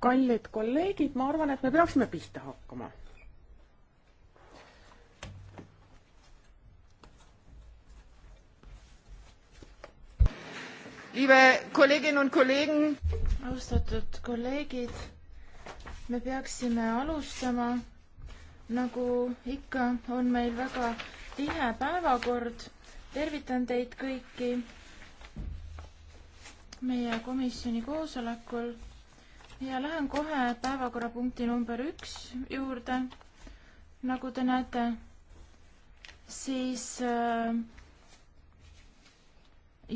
kallid kolleegid, ma arvan, et me peaksime pihta hakkama. austatud kolleegid, me peaksime alustama, nagu ikka, on meil väga tihe päevakord tervitan teid kõiki meie komisjoni koosolekul ja lähen kohe päevakorrapunkti number üks juurde. nagu te näete, siis äh,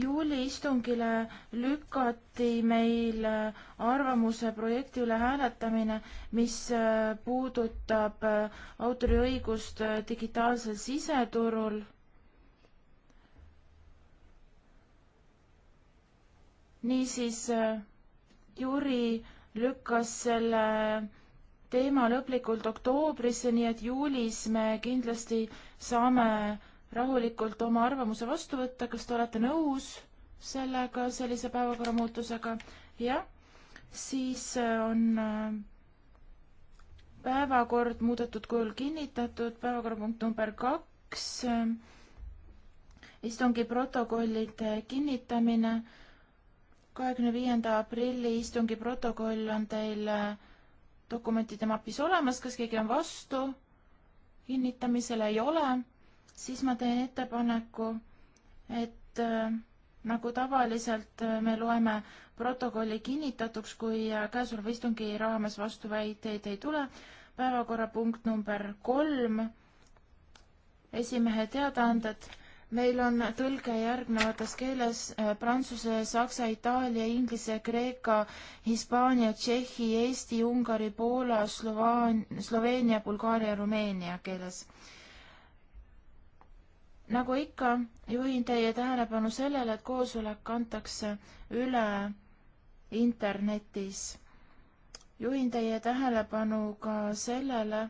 juuli istungile lükati meil arvamuse projekti üle hääletamine, mis äh, puudutab äh, autoriõigust äh, digitaalsel siseturul. niisiis äh, Jüri lükkas selle teema lõplikult oktoobrisse, nii et juulis me kindlasti saame rahulikult oma arvamuse vastu võtta, kas te olete nõus sellega, sellise päevakorra muutusega? jah, siis äh, on äh, päevakord muudetud kujul kinnitatud, päevakorrapunkt number kaks, istungi protokollide kinnitamine kahekümne viienda aprilli istungi protokoll on teil äh, dokumentide mapis olemas, kas keegi on vastu? kinnitamisele ei ole, siis ma teen ettepaneku, et äh, nagu tavaliselt äh, me loeme protokolli kinnitatuks, kui äh, käesoleva istungi raames vastuväiteid ei tule. päevakorrapunkt number kolm, esimehe teadaanded meil on tõlge järgnevates keeles äh, prantsuse, saksa, itaalia, inglise, kreeka, hispaania, tšehhi, eesti, ungari, poola, slovaan, sloveenia, bulgaaria, rumeenia keeles. nagu ikka, juhin teie tähelepanu sellele, et koosolek antakse üle internetis. juhin teie tähelepanu ka sellele,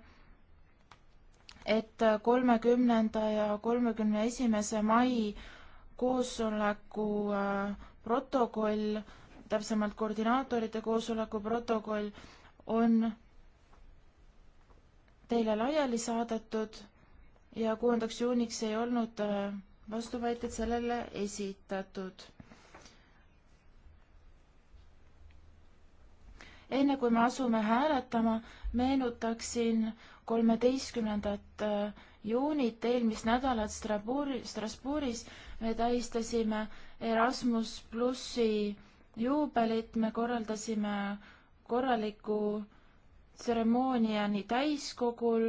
et kolmekümnenda ja kolmekümne esimese mai koosoleku äh, protokoll, täpsemalt koordinaatorite koosoleku protokoll on teile laiali saadetud ja kuuendaks juuniks ei olnud äh, vastuväited sellele esitatud. enne kui me asume hääletama, meenutaksin kolmeteistkümnendat äh, juunit eelmist nädalat Strasbourgis me tähistasime Erasmus plussi juubelit, me korraldasime korraliku tseremoonia nii täiskogul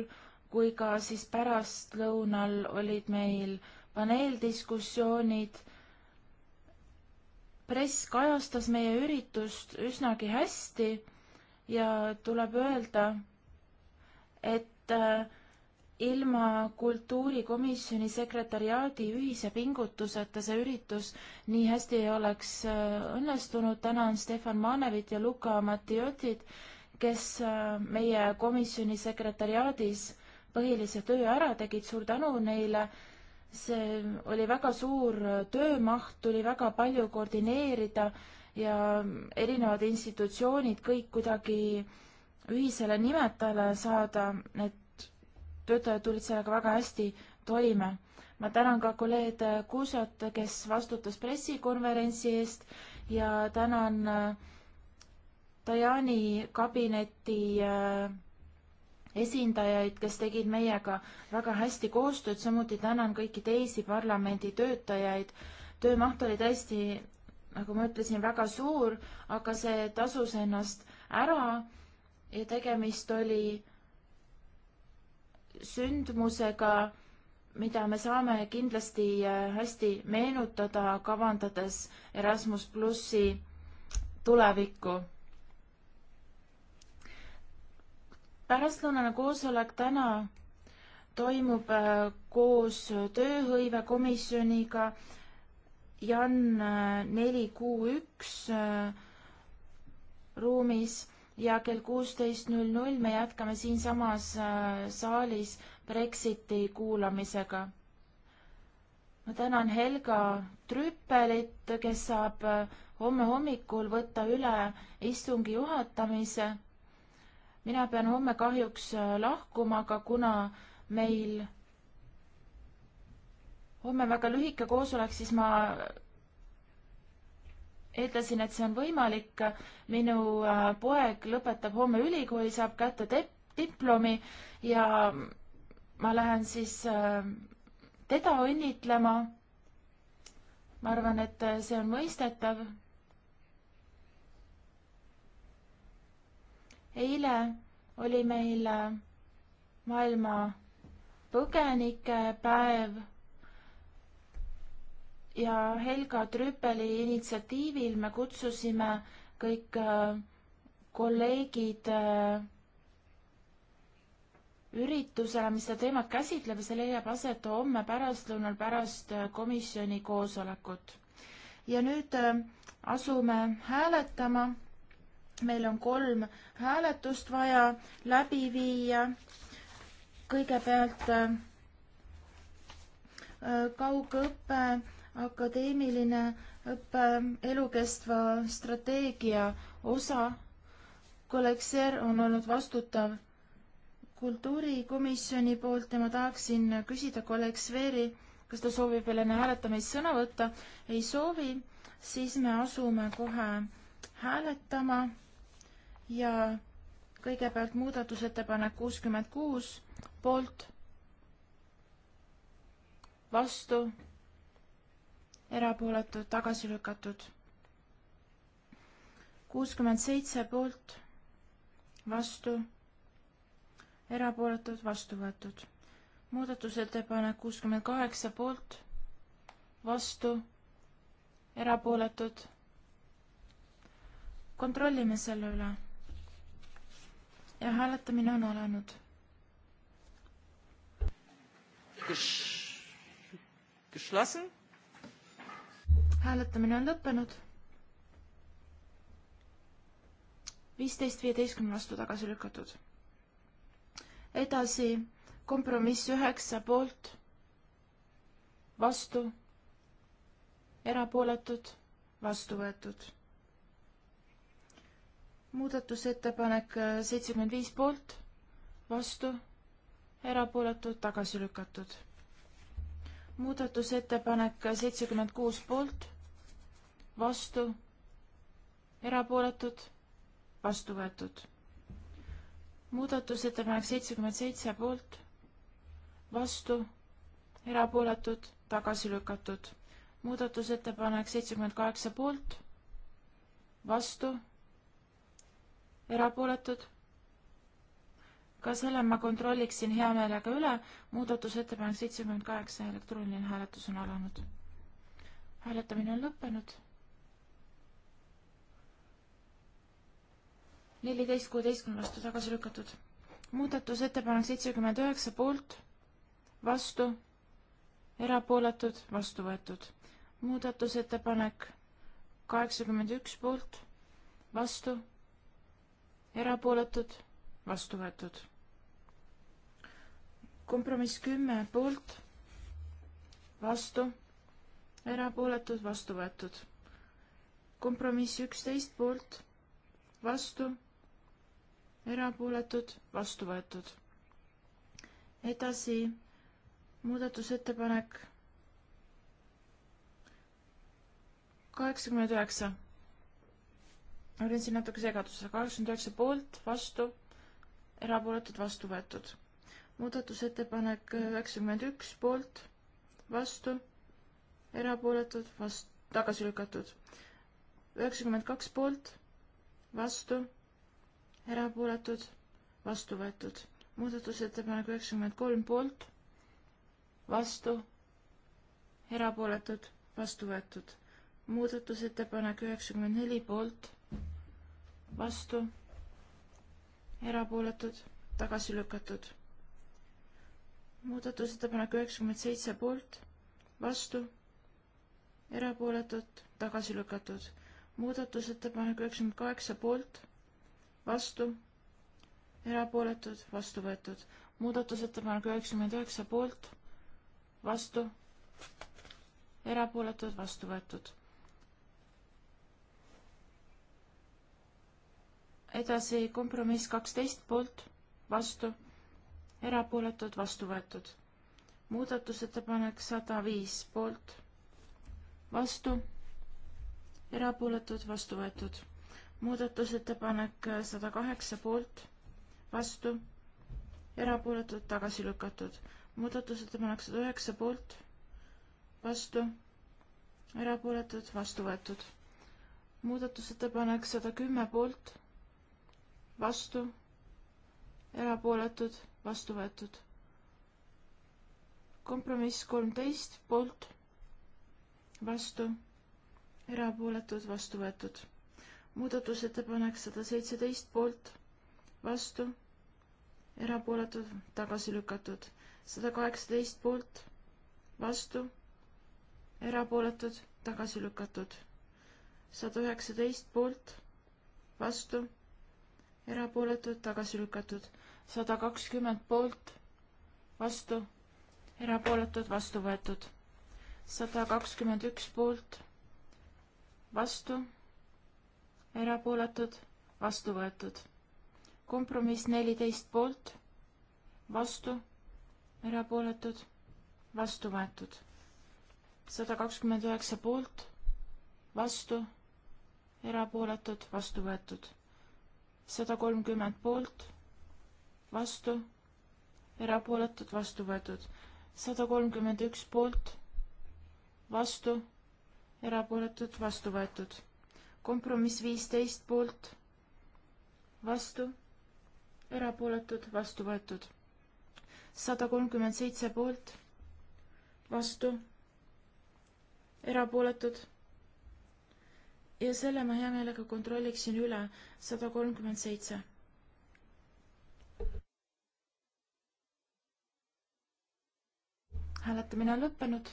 kui ka siis pärastlõunal olid meil paneeldiskussioonid. press kajastas meie üritust üsnagi hästi ja tuleb öelda, et äh, ilma kultuurikomisjoni sekretariaadi ühise pingutuseta see üritus nii hästi ei oleks äh, õnnestunud. tänan Stefan Manevit ja Luka Matiotit, kes äh, meie komisjoni sekretariaadis põhilise töö ära tegid, suur tänu neile. see oli väga suur töömaht, tuli väga palju koordineerida ja erinevad institutsioonid kõik kuidagi äh, ühisele nimetajale saada, need töötajad tulid sellega väga hästi toime. ma tänan ka kolleeg Kuusat, kes vastutas pressikonverentsi eest ja tänan Dajani äh, kabineti äh, esindajaid, kes tegid meiega väga hästi koostööd, samuti tänan kõiki teisi parlamendi töötajaid. töömaht oli tõesti, nagu ma ütlesin, väga suur, aga see tasus ennast ära ja tegemist oli sündmusega, mida me saame kindlasti äh, hästi meenutada, kavandades Erasmus plussi tulevikku. pärastlõunane koosolek täna toimub äh, koos tööhõivekomisjoniga Jan äh, neli kuu üks ruumis ja kell kuusteist null null me jätkame siinsamas äh, saalis Brexiti kuulamisega. ma tänan Helga Trüppelit, kes saab äh, homme hommikul võtta üle istungi juhatamise. mina pean homme kahjuks äh, lahkuma, aga kuna meil homme väga lühike koosolek, siis ma ütlesin, et see on võimalik. minu äh, poeg lõpetab homme ülikooli, saab kätte diplomi ja ma lähen siis äh, teda õnnitlema. ma arvan, et äh, see on mõistetav. eile oli meil maailma põgenikepäev ja Helga Trüppeli initsiatiivil me kutsusime kõik äh, kolleegid äh, üritusele, mis seda teemat käsitleb ja see leiab aset homme pärastlõunal pärast äh, komisjoni koosolekut. ja nüüd asume hääletama. meil on kolm hääletust vaja läbi viia. kõigepealt kaugõpe akadeemiline õpe elukestva strateegia osa. Kolekser on olnud vastutav kultuurikomisjoni poolt ja ma tahaksin küsida Koleksveri, kas ta soovib veel enne hääletamist sõna võtta. ei soovi, siis me asume kohe hääletama ja kõigepealt muudatusettepanek kuuskümmend kuus poolt, vastu erapooletud, tagasi lükatud. kuuskümmend seitse poolt, vastu, erapooletud, vastu võetud. muudatusettepanek kuuskümmend kaheksa poolt, vastu, erapooletud. kontrollime selle üle. ja hääletamine on alanud. Geschlossen hääletamine on lõppenud. viisteist viieteistkümne vastu tagasi lükatud. edasi kompromiss üheksa poolt, vastu, erapooletud, vastu võetud. muudatusettepanek seitsekümmend viis poolt, vastu, erapooletud, tagasi lükatud muudatusettepanek seitsekümmend kuus poolt, vastu, erapooletud, vastu võetud. muudatusettepanek seitsekümmend seitse poolt, vastu, erapooletud, tagasi lükatud. muudatusettepanek seitsekümmend kaheksa poolt, vastu, erapooletud. ka selle ma kontrolliksin hea meelega üle, muudatusettepanek seitsekümmend kaheksa, elektrooniline hääletus on alanud hääletamine on lõppenud neliteist kuueteistkümne vastu tagasi lükatud. muudatusettepanek seitsekümmend üheksa poolt, vastu, erapooletud, vastu võetud. muudatusettepanek kaheksakümmend üks poolt, vastu, erapooletud, vastu võetud. kompromiss kümme poolt, vastu, erapooletud, vastu võetud. kompromiss üksteist poolt, vastu erapooletud, vastu võetud. edasi muudatusettepanek kaheksakümmend üheksa. olin siin natuke segaduses, kaheksakümmend üheksa poolt, vastu, erapooletud, vastu võetud. muudatusettepanek üheksakümmend üks poolt, vastu, erapooletud, vastu, tagasi lükatud. üheksakümmend kaks poolt, vastu erapooletud, vastu võetud. muudatusettepanek üheksakümmend kolm poolt, vastu, erapooletud, vastu võetud. muudatusettepanek üheksakümmend neli poolt, vastu, erapooletud, tagasi lükatud. muudatusettepanek üheksakümmend seitse poolt, vastu, erapooletud, tagasi lükatud. muudatusettepanek üheksakümmend kaheksa poolt vastu, erapooletud, vastu võetud. muudatusettepanek üheksakümmend üheksa poolt, vastu, erapooletud, vastu võetud. edasi kompromiss kaksteist poolt, vastu, erapooletud, vastu võetud. muudatusettepanek sada viis poolt, vastu, erapooletud, vastu võetud muudatusettepanek sada kaheksa poolt, vastu, erapooletud, tagasi lükatud. muudatusettepanek sada üheksa poolt, vastu, erapooletud, vastu võetud. muudatusettepanek sada kümme poolt, vastu, erapooletud, vastu võetud. kompromiss kolmteist poolt, vastu, erapooletud, vastu võetud muudatusettepanek sada seitseteist poolt, vastu, erapooletud, tagasi lükatud. sada kaheksateist poolt, vastu, erapooletud, tagasi lükatud. sada üheksateist poolt, vastu, erapooletud, tagasi lükatud. sada kakskümmend poolt, vastu, erapooletud, vastu võetud. sada kakskümmend üks poolt, vastu erapooletud, vastu võetud. kompromiss neliteist poolt, vastu, erapooletud, vastu võetud. sada kakskümmend üheksa poolt, vastu, erapooletud, vastu võetud. sada kolmkümmend poolt, vastu, erapooletud, vastu võetud. sada kolmkümmend üks poolt, vastu, erapooletud, vastu võetud kompromiss viisteist poolt, vastu, erapooletud, vastu võetud. sada kolmkümmend seitse poolt, vastu, erapooletud. ja selle ma hea meelega kontrolliksin üle, sada kolmkümmend seitse. hääletamine on lõppenud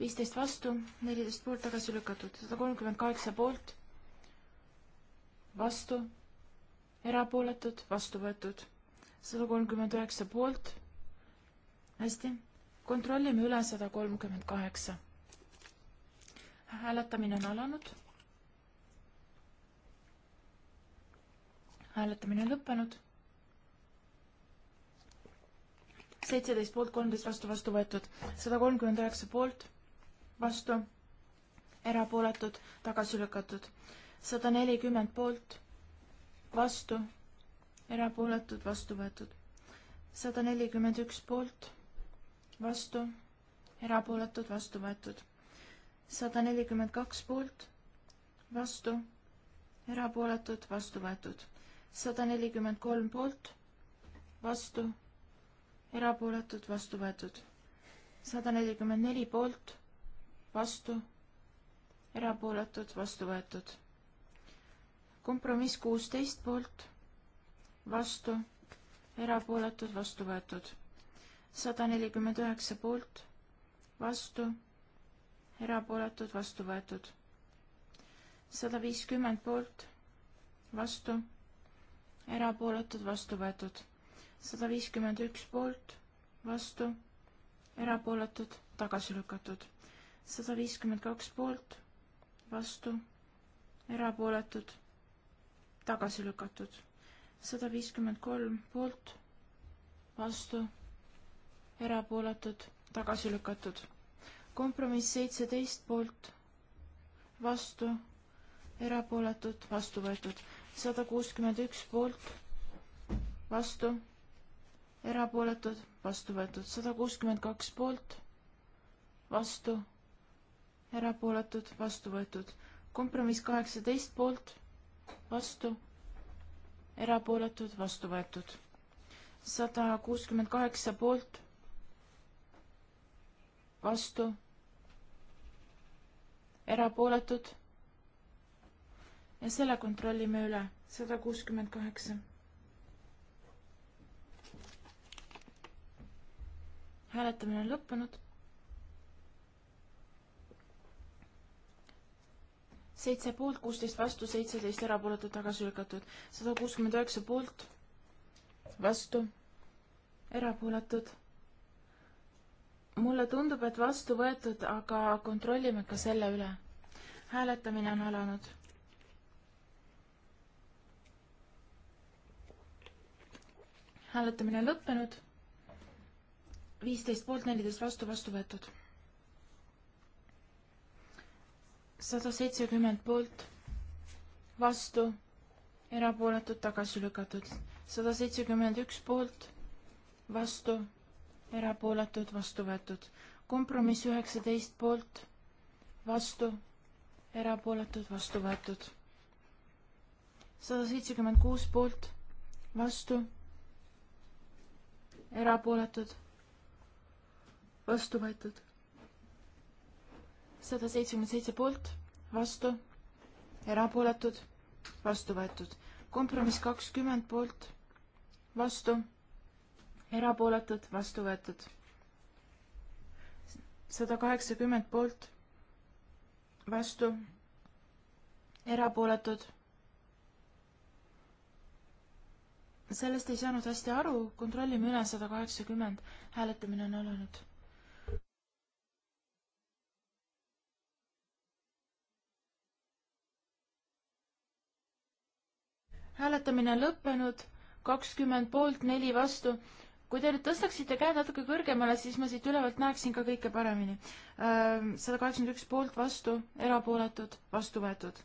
viisteist vastu, neliteist poolt tagasi lükatud, sada kolmkümmend kaheksa poolt, vastu, erapooletud, vastu võetud, sada kolmkümmend üheksa poolt. hästi, kontrollime üle sada kolmkümmend kaheksa. hääletamine on alanud. hääletamine on lõppenud. seitseteist poolt, kolmteist vastu, vastu võetud, sada kolmkümmend üheksa poolt vastu, erapooletud, tagasi lükatud. sada nelikümmend poolt, vastu, erapooletud, vastu võetud. sada nelikümmend üks poolt, vastu, erapooletud, vastu võetud. sada nelikümmend kaks poolt, vastu, erapooletud, vastu võetud. sada nelikümmend kolm poolt, vastu, erapooletud, vastu võetud. sada nelikümmend neli poolt vastu, erapooletud, vastu võetud. kompromiss kuusteist poolt, vastu, erapooletud, vastu võetud. sada nelikümmend üheksa poolt, vastu, erapooletud, vastu võetud. sada viiskümmend poolt, vastu, erapooletud, vastu võetud. sada viiskümmend üks poolt, vastu, erapooletud, tagasi lükatud sada viiskümmend kaks poolt, vastu, erapooletud, tagasi lükatud. sada viiskümmend kolm poolt, vastu, erapooletud, tagasi lükatud. kompromiss seitseteist poolt, vastu, erapooletud, vastu võetud. sada kuuskümmend üks poolt, vastu, erapooletud, vastu võetud. sada kuuskümmend kaks poolt, vastu erapooletud, vastu võetud. kompromiss kaheksateist poolt, vastu, erapooletud, vastu võetud. sada kuuskümmend kaheksa poolt, vastu, erapooletud. ja selle kontrollime üle, sada kuuskümmend kaheksa. hääletamine on lõppenud seitse poolt, kuusteist vastu, seitseteist erapooletut tagasi lükatud, sada kuuskümmend üheksa poolt, vastu, erapooletud. mulle tundub, et vastu võetud, aga kontrollime ka selle üle. hääletamine on alanud. hääletamine on lõppenud. viisteist poolt, neliteist vastu, vastu võetud sada seitsekümmend poolt, vastu, erapooletud, tagasi lükatud. sada seitsekümmend üks poolt, vastu, erapooletud, vastu võetud. kompromiss üheksateist poolt, vastu, erapooletud, vastu võetud. sada seitsekümmend kuus poolt, vastu, erapooletud, vastu võetud sada seitsekümmend seitse poolt, vastu, erapooletud, vastu võetud. kompromiss kakskümmend poolt, vastu, erapooletud, vastu võetud. sada kaheksakümmend poolt, vastu, erapooletud. sellest ei saanud hästi aru, kontrollime üle sada kaheksakümmend, hääletamine on alanud hääletamine on lõppenud, kakskümmend poolt, neli vastu. kui te nüüd tõstaksite käed natuke kõrgemale, siis ma siit ülevalt näeksin ka kõike paremini. sada kaheksakümmend üks poolt, vastu, erapooletud, vastu võetud.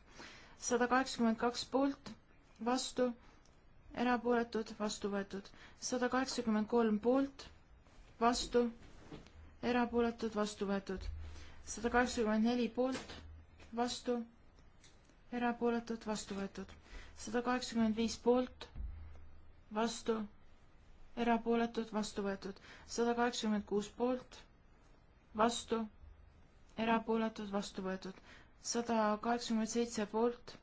sada kaheksakümmend kaks poolt, vastu, erapooletud, vastu võetud. sada kaheksakümmend kolm poolt, vastu, erapooletud, vastu võetud. sada kaheksakümmend neli poolt, vastu erapooletud, vastu võetud. sada kaheksakümmend viis poolt, vastu, erapooletud, vastu võetud. sada kaheksakümmend kuus poolt, vastu, erapooletud, vastu võetud. sada kaheksakümmend seitse poolt,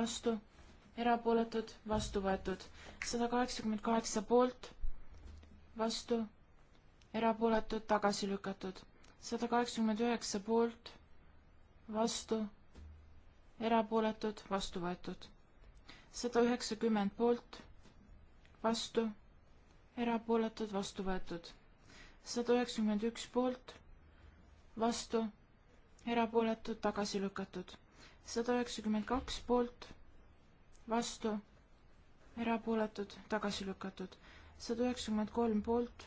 vastu, erapooletud, vastu võetud. sada kaheksakümmend kaheksa poolt, vastu, erapooletud, tagasi lükatud. sada kaheksakümmend üheksa poolt, vastu erapooletud, vastu võetud. sada üheksakümmend poolt, vastu, erapooletud, vastu võetud. sada üheksakümmend üks poolt, vastu, erapooletud, tagasi lükatud. sada üheksakümmend kaks poolt, vastu, erapooletud, tagasi lükatud. sada üheksakümmend kolm poolt,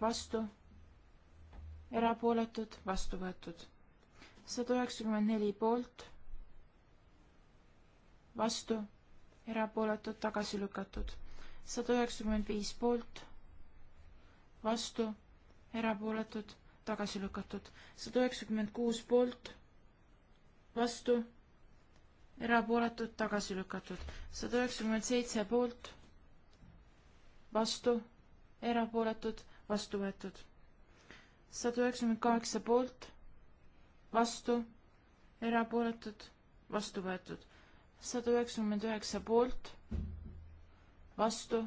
vastu, erapooletud, vastu võetud. sada üheksakümmend neli poolt vastu, erapooletud, tagasi lükatud. sada üheksakümmend viis poolt, vastu, erapooletud, tagasi lükatud. sada üheksakümmend kuus poolt, vastu, erapooletud, tagasi lükatud. sada üheksakümmend seitse poolt, vastu, erapooletud, vastu võetud. sada üheksakümmend kaheksa poolt, vastu, erapooletud, vastu võetud sada üheksakümmend üheksa poolt, vastu,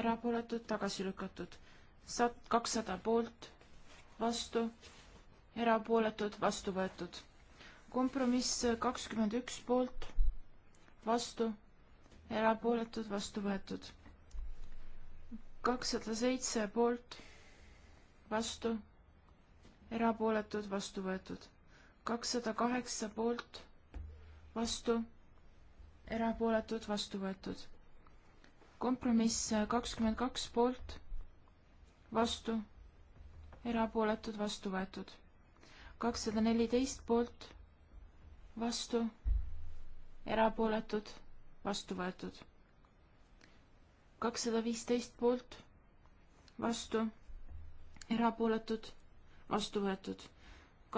erapooletud, tagasi lükatud. Sat-, kakssada poolt, vastu, erapooletud, vastu võetud. kompromiss kakskümmend üks poolt, vastu, erapooletud, vastu võetud. kakssada seitse poolt, vastu, erapooletud, vastu võetud. kakssada kaheksa poolt, vastu erapooletud, vastu võetud. kompromiss kakskümmend kaks poolt, vastu, erapooletud, vastu võetud. kakssada neliteist poolt, vastu, erapooletud, vastu võetud. kakssada viisteist poolt, vastu, erapooletud, vastu võetud.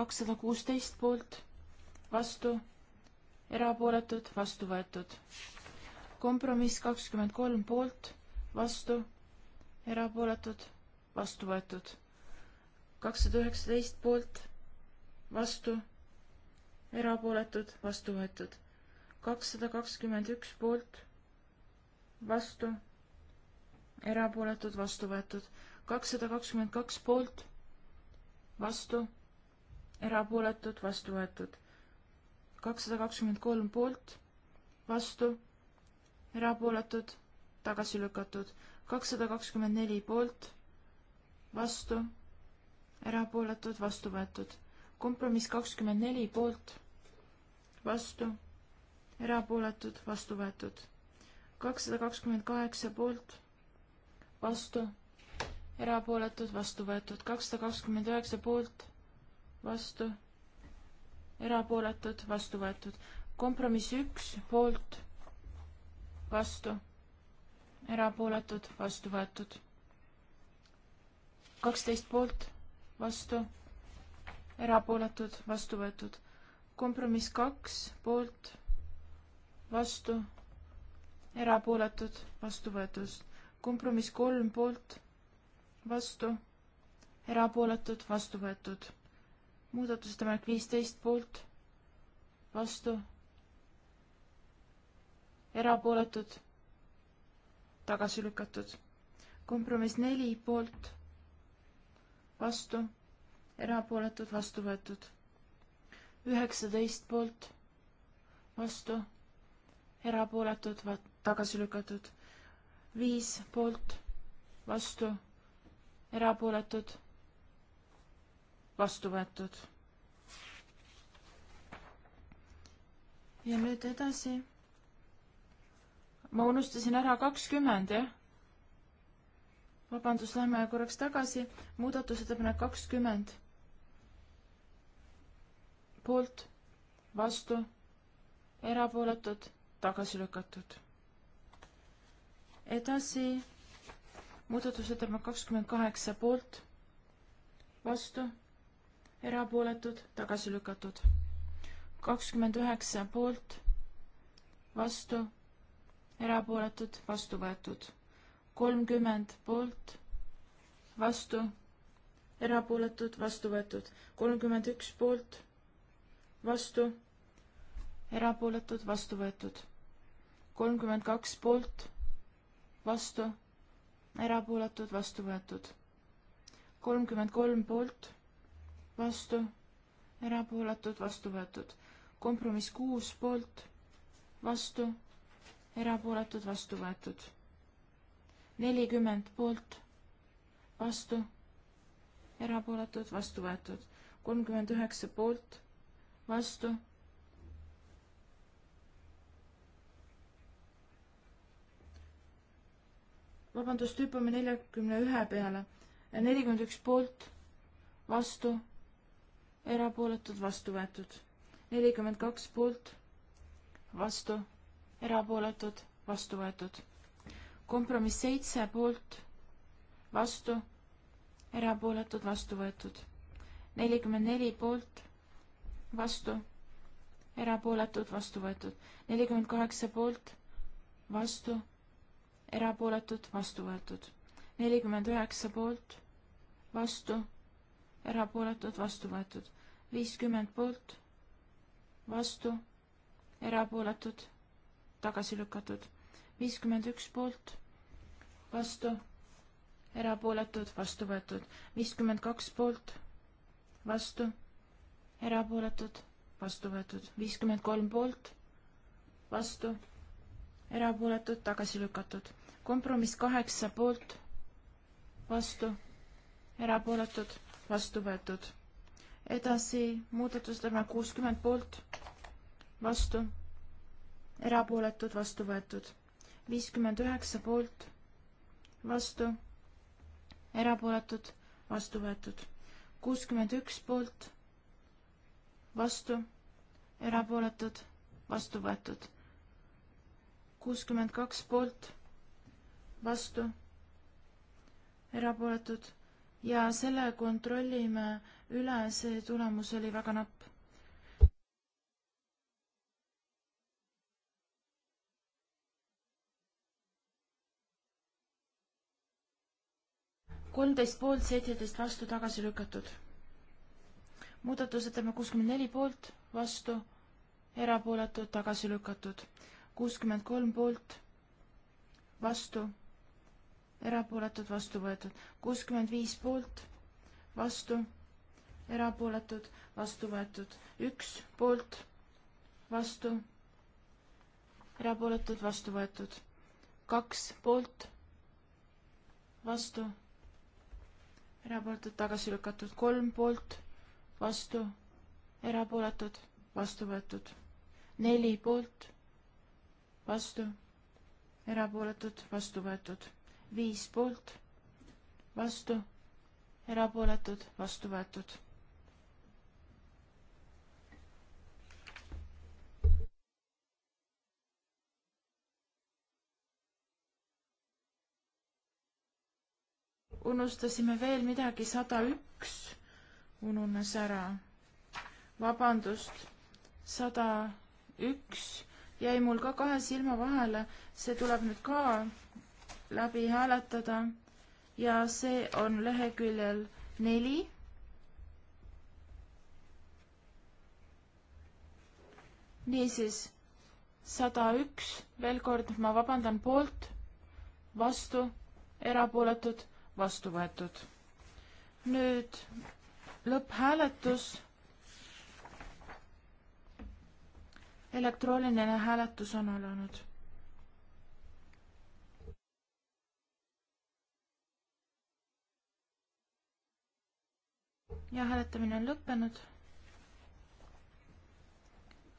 kakssada kuusteist poolt, vastu erapooletud, vastu võetud. kompromiss kakskümmend kolm poolt, vastu, erapooletud, vastu võetud. kakssada üheksateist poolt, vastu, erapooletud, vastu võetud. kakssada kakskümmend üks poolt, vastu, erapooletud, vastu võetud. kakssada kakskümmend kaks poolt, vastu, erapooletud, vastu võetud kakssada kakskümmend kolm poolt, vastu, erapooletud, tagasi lükatud. kakssada kakskümmend neli poolt, vastu, erapooletud, vastu võetud. kompromiss kakskümmend neli poolt, vastu, erapooletud, vastu võetud. kakssada kakskümmend kaheksa poolt, vastu, erapooletud, vastu võetud. kakssada kakskümmend üheksa poolt, vastu erapooletud, vastu võetud. kompromiss üks, poolt, vastu, erapooletud, vastu võetud. kaksteist poolt, vastu, erapooletud, vastu võetud. kompromiss kaks, poolt, vastu, erapooletud, vastu võetud. kompromiss kolm, poolt, vastu, erapooletud, vastu võetud muudatusettepanek viisteist poolt, vastu, erapooletud, tagasi lükatud. kompromiss neli poolt, vastu, erapooletud, vastu võetud. üheksateist poolt, vastu, erapooletud, tagasi lükatud. viis poolt, vastu, erapooletud vastu võetud. ja nüüd edasi. ma unustasin ära kakskümmend, jah? vabandust, lähme korraks tagasi. muudatusettepanek kakskümmend. poolt, vastu, erapooletud, tagasi lükatud. edasi muudatusettepanek kakskümmend kaheksa poolt, vastu erapooletud, tagasi lükatud. kakskümmend üheksa poolt, vastu, erapooletud, vastu võetud. kolmkümmend poolt, vastu, erapooletud, vastu võetud. kolmkümmend üks poolt, vastu, erapooletud, vastu võetud. kolmkümmend kaks poolt, vastu, erapooletud, vastu võetud. kolmkümmend kolm poolt vastu, erapooletud, vastu võetud. kompromiss kuus poolt, vastu, erapooletud, vastu võetud. nelikümmend poolt, vastu, erapooletud, vastu võetud. kolmkümmend üheksa poolt, vastu vabandust, hüppame neljakümne ühe peale. nelikümmend üks poolt, vastu, erapooletud, vastu võetud. nelikümmend kaks poolt, vastu, erapooletud, vastu võetud. kompromiss seitse poolt, vastu, erapooletud, vastu võetud. nelikümmend neli poolt, vastu, erapooletud, vastu võetud. nelikümmend kaheksa poolt, vastu, erapooletud, vastu võetud. nelikümmend üheksa poolt, vastu erapooletud, vastu võetud. viiskümmend poolt, vastu, erapooletud, tagasi lükatud. viiskümmend üks poolt, vastu, erapooletud, vastu võetud. viiskümmend kaks poolt, vastu, erapooletud, vastu võetud. viiskümmend kolm poolt, vastu, erapooletud, tagasi lükatud. kompromiss kaheksa poolt, vastu, erapooletud vastu võetud. edasi muudatusettepanek kuuskümmend poolt, vastu, erapooletud, vastu võetud. viiskümmend üheksa poolt, vastu, erapooletud, vastu võetud. kuuskümmend üks poolt, vastu, erapooletud, vastu võetud. kuuskümmend kaks poolt, vastu, erapooletud ja selle kontrollime üle, see tulemus oli väga napp. kolmteist poolt, seitseteist vastu, tagasi lükatud. muudatusettepanek kuuskümmend neli poolt, vastu, erapooletud, tagasi lükatud. kuuskümmend kolm poolt, vastu erapooletud, vastu võetud. kuuskümmend viis poolt, vastu, erapooletud, vastu võetud. üks poolt, vastu, erapooletud, vastu võetud. kaks poolt, vastu, erapooletud, tagasi lükatud. kolm poolt, vastu, erapooletud, vastu võetud. neli poolt, vastu, erapooletud, vastu võetud viis poolt, vastu, erapooletud, vastu võetud. unustasime veel midagi, sada üks ununes ära. vabandust, sada üks jäi mul ka kahe silma vahele, see tuleb nüüd ka läbi hääletada ja see on leheküljel neli. niisiis sada üks, veel kord ma vabandan, poolt, vastu, erapooletud, vastu võetud. nüüd lõpphääletus elektrooniline hääletus on alanud ja hääletamine on lõppenud.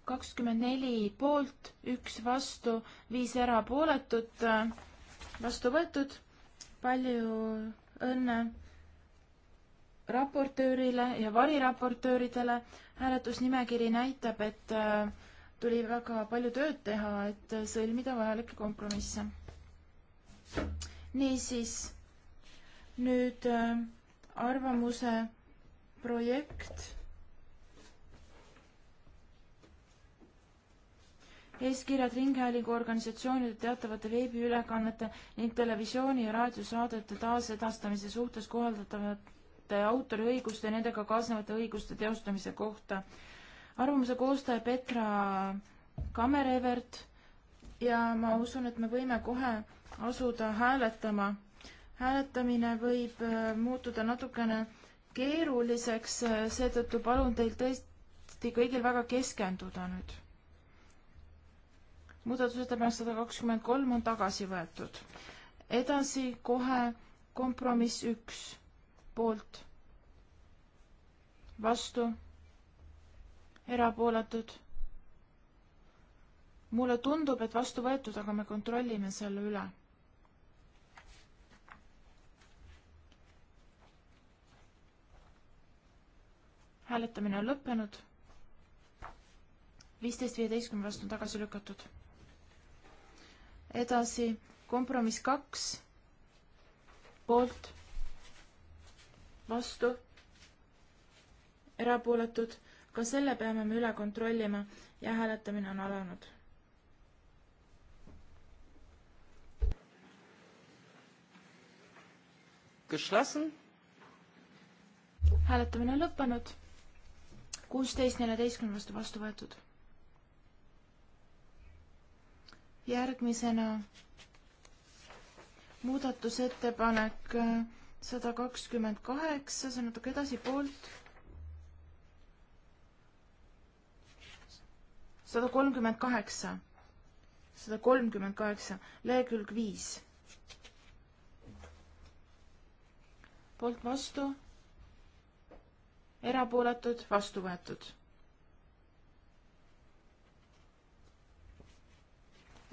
kakskümmend neli poolt, üks vastu, viis erapooletut, vastu võetud. palju õnne raportöörile ja variraportööridele. hääletusnimekiri näitab, et äh, tuli väga palju tööd teha, et sõlmida vajalikke kompromisse. niisiis nüüd äh, arvamuse projekt eeskirjad Ringhäälingu organisatsioonide teatavate veebiülekannete ning televisiooni- ja raadiosaadete taasedastamise suhtes kohaldatavate autoriõiguste ja nendega kaasnevate õiguste teostamise kohta. arvamuse koostaja Petra Kammerevert ja ma usun, et me võime kohe asuda hääletama. hääletamine võib äh, muutuda natukene keeruliseks, äh, seetõttu palun teil tõesti kõigil väga keskenduda nüüd. muudatusettepanek sada kakskümmend kolm on tagasi võetud. edasi kohe kompromiss üks, poolt, vastu, erapooletud. mulle tundub, et vastu võetud, aga me kontrollime selle üle hääletamine on lõppenud. viisteist viieteistkümne vastu on tagasi lükatud. edasi kompromiss kaks, poolt, vastu, erapooletud, ka selle peame me üle kontrollima ja hääletamine on alanud. geschlossen. hääletamine on lõppenud kuusteist neljateistkümne vastu vastu võetud. järgmisena muudatusettepanek sada kakskümmend kaheksa, see on natuke edasi poolt. sada kolmkümmend kaheksa, sada kolmkümmend kaheksa, lehekülg viis. poolt vastu erapooletud, vastu võetud.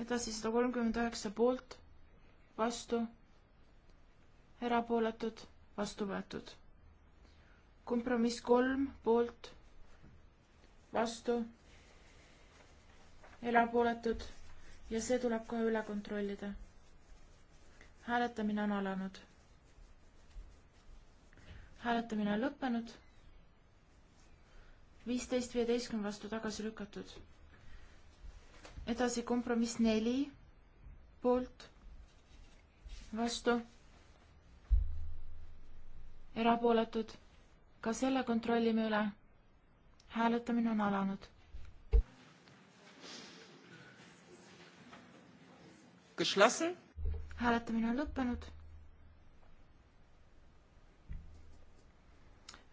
edasi sada kolmkümmend üheksa poolt, vastu, erapooletud, vastu võetud. kompromiss kolm poolt, vastu, erapooletud ja see tuleb kohe üle kontrollida. hääletamine on alanud hääletamine on lõppenud viisteist viieteistkümne vastu tagasi lükatud. edasi kompromiss neli poolt, vastu, erapooletud. ka selle kontrollime üle. hääletamine on alanud. hääletamine on lõppenud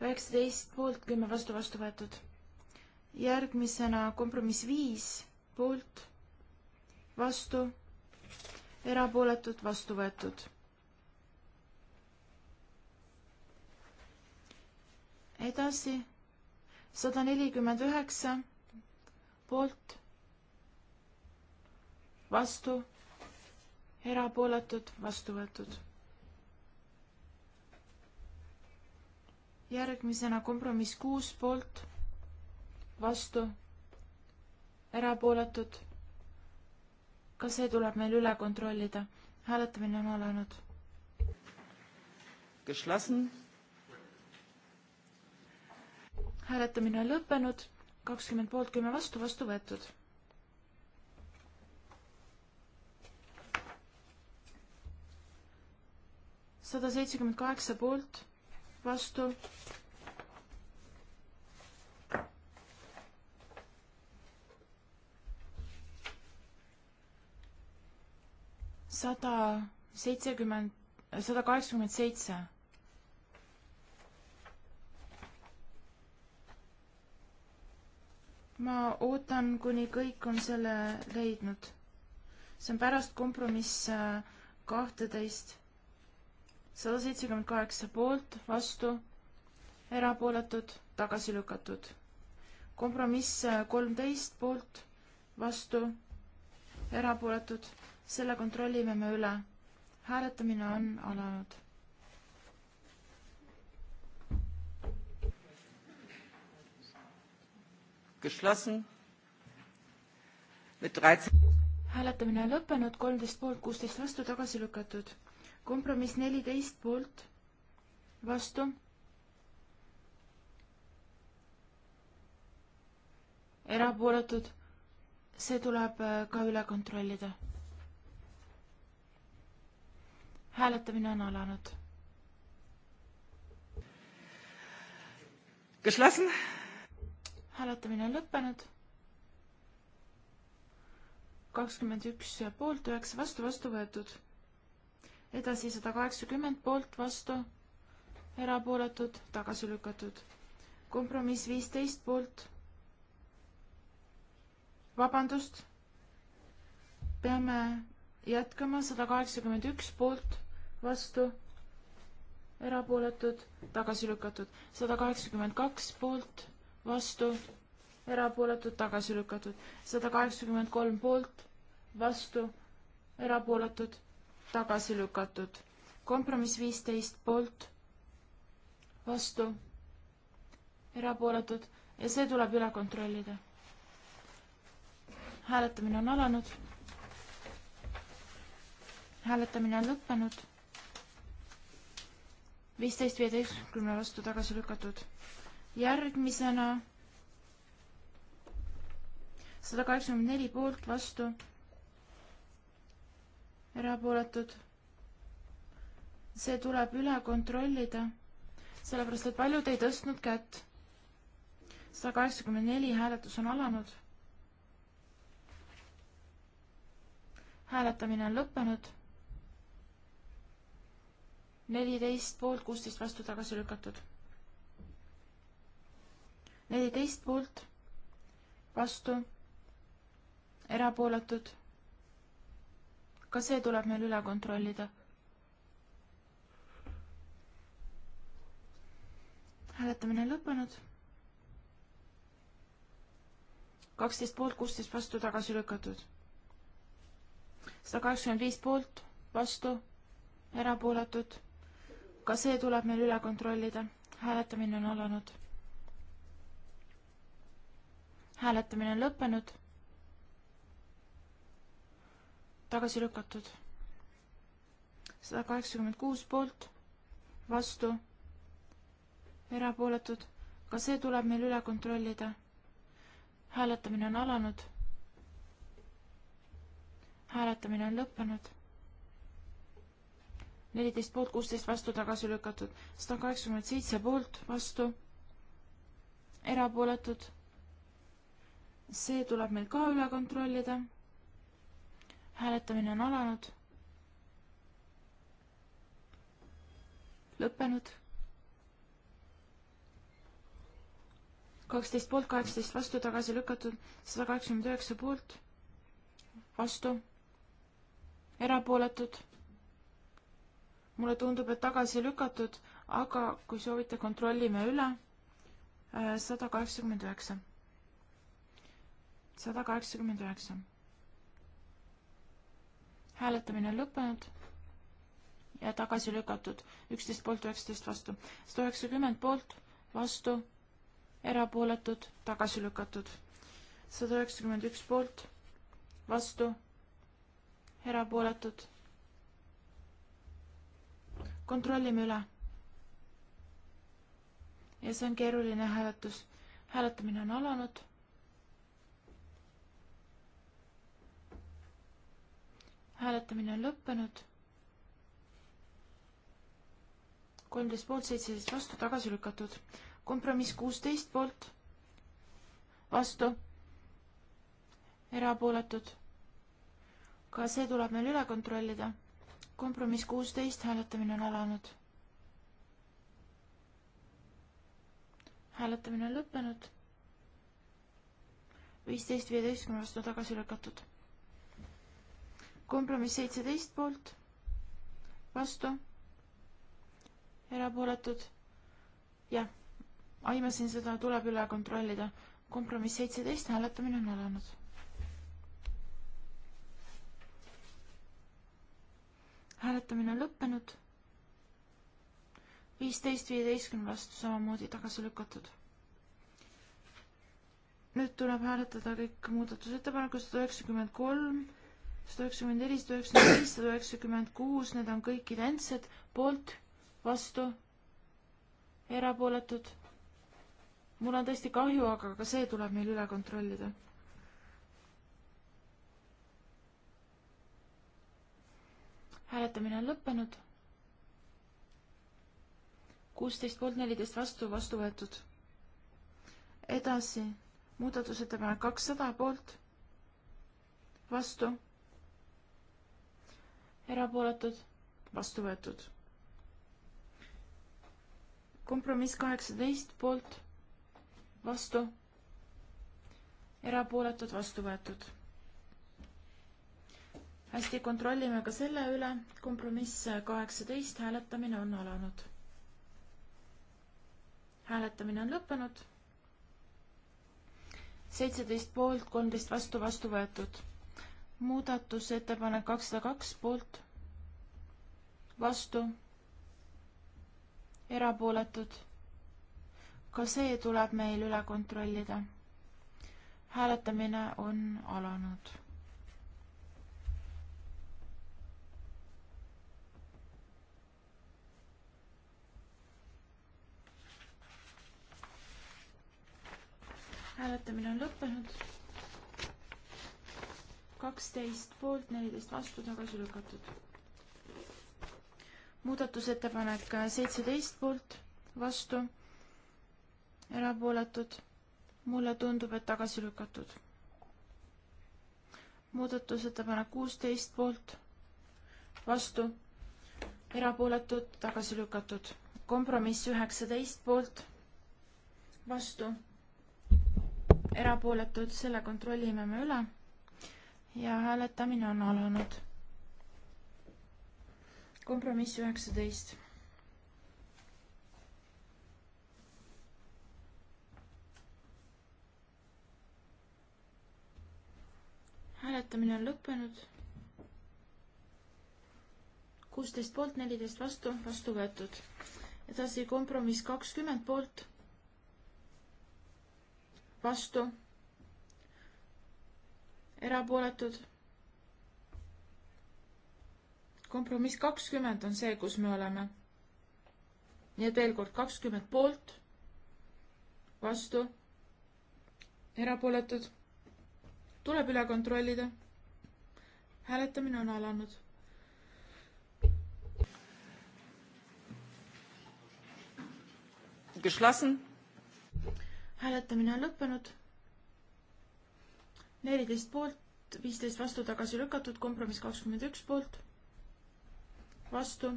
üheksateist poolt, kümme vastu, vastu võetud. järgmisena kompromiss viis poolt, vastu, erapooletud, vastu võetud. edasi sada nelikümmend üheksa poolt, vastu, erapooletud, vastu võetud järgmisena kompromiss kuus poolt, vastu, erapooletud. ka see tuleb meil üle kontrollida. hääletamine on alanud. hääletamine on lõppenud, kakskümmend poolt, kümme vastu, vastu võetud sada seitsekümmend kaheksa poolt vastu. sada seitsekümmend, sada kaheksakümmend seitse. ma ootan, kuni kõik on selle leidnud. see on pärast kompromiss äh, kahteteist sada seitsekümmend kaheksa poolt, vastu, erapooletud, tagasi lükatud. kompromiss äh, kolmteist poolt, vastu, erapooletud, selle kontrollime me üle. hääletamine on alanud. geschlossen mit 13 hääletamine on lõppenud, kolmteist poolt, kuusteist vastu, tagasi lükatud kompromiss neliteist poolt, vastu. erapooletud, see tuleb äh, ka üle kontrollida. hääletamine on alanud. hääletamine on lõppenud kakskümmend üks poolt, üheksa vastu, vastu võetud edasi sada kaheksakümmend poolt, vastu, erapooletud, tagasi lükatud. kompromiss viisteist poolt. vabandust, peame jätkama sada kaheksakümmend üks poolt, vastu, erapooletud, tagasi lükatud, sada kaheksakümmend kaks poolt, vastu, erapooletud, tagasi lükatud, sada kaheksakümmend kolm poolt, vastu, erapooletud tagasi lükatud. kompromiss viisteist poolt, vastu, erapooletud ja see tuleb üle kontrollida. hääletamine on alanud. hääletamine on lõppenud. viisteist viieteistkümne vastu tagasi lükatud. järgmisena sada kaheksakümmend neli poolt, vastu erapooletud. see tuleb üle kontrollida, sellepärast et paljud ei tõstnud kätt. sada kaheksakümmend neli hääletus on alanud. hääletamine on lõppenud. neliteist poolt, kuusteist vastu tagasi lükatud. neliteist poolt, vastu, erapooletud ka see tuleb meil üle kontrollida. hääletamine on lõppenud. kaksteist poolt, kuusteist vastu, tagasi lükatud. sada kaheksakümmend viis poolt, vastu, erapooletud. ka see tuleb meil üle kontrollida. hääletamine on alanud. hääletamine on lõppenud tagasi lükatud. sada kaheksakümmend kuus poolt, vastu, erapooletud, ka see tuleb meil üle kontrollida. hääletamine on alanud. hääletamine on lõppenud. neliteist poolt, kuusteist vastu, tagasi lükatud. sada kaheksakümmend seitse poolt, vastu, erapooletud. see tuleb meil ka üle kontrollida hääletamine on alanud. lõppenud. kaksteist poolt, kaheksateist vastu, tagasi lükatud, sada kaheksakümmend üheksa poolt, vastu, erapooletud. mulle tundub, et tagasi lükatud, aga kui soovite, kontrollime üle. sada kaheksakümmend üheksa. sada kaheksakümmend üheksa hääletamine on lõppenud ja tagasi lükatud, üksteist poolt, üheksateist vastu, sada üheksakümmend poolt, vastu, erapooletud, tagasi lükatud, sada üheksakümmend üks poolt, vastu, erapooletud. kontrollime üle. ja see on keeruline hääletus. hääletamine on alanud hääletamine on lõppenud. kolmteist poolt, seitseteist vastu, tagasi lükatud. kompromiss kuusteist poolt, vastu, erapooletud. ka see tuleb meil üle kontrollida. kompromiss kuusteist, hääletamine on alanud. hääletamine on lõppenud. viisteist viieteistkümne vastu tagasi lükatud kompromiss seitseteist poolt, vastu, erapooletud, jah, aimasin seda, tuleb üle kontrollida. kompromiss seitseteist, hääletamine on alanud. hääletamine on lõppenud. viisteist viieteistkümne vastu samamoodi tagasi lükatud nüüd tuleb hääletada kõik muudatusettepanekud sada üheksakümmend kolm sada üheksakümmend neli, sada üheksakümmend viis, sada üheksakümmend kuus, need on kõik identsed, poolt, vastu, erapooletud. mul on tõesti kahju, aga ka see tuleb meil üle kontrollida. hääletamine on lõppenud. kuusteist poolt neliteist vastu, vastu võetud. edasi, muudatusettepanek kakssada poolt, vastu erapooletud, vastu võetud. kompromiss kaheksateist poolt, vastu, erapooletud, vastu võetud. hästi, kontrollime ka selle üle, kompromiss kaheksateist, hääletamine on alanud. hääletamine on lõppenud. seitseteist poolt, kolmteist vastu, vastu võetud muudatusettepanek kakssada kaks poolt, vastu, erapooletud. ka see tuleb meil üle kontrollida. hääletamine on alanud. hääletamine on lõppenud kaksteist poolt, neliteist vastu, tagasi lükatud. muudatusettepanek seitseteist poolt, vastu, erapooletud. mulle tundub, et tagasi lükatud. muudatusettepanek kuusteist poolt, vastu, erapooletud, tagasi lükatud. kompromiss üheksateist poolt, vastu, erapooletud, selle kontrollime me üle ja hääletamine on alanud. kompromiss üheksateist. hääletamine on lõppenud. kuusteist poolt, neliteist vastu, vastu võetud. edasi kompromiss kakskümmend poolt, vastu erapooletud. kompromiss kakskümmend on see, kus me oleme. nii et veel kord kakskümmend poolt, vastu, erapooletud. tuleb üle kontrollida. hääletamine on alanud geschlossen. hääletamine on lõppenud neliteist poolt, viisteist vastu tagasi lükatud, kompromiss kakskümmend üks poolt, vastu,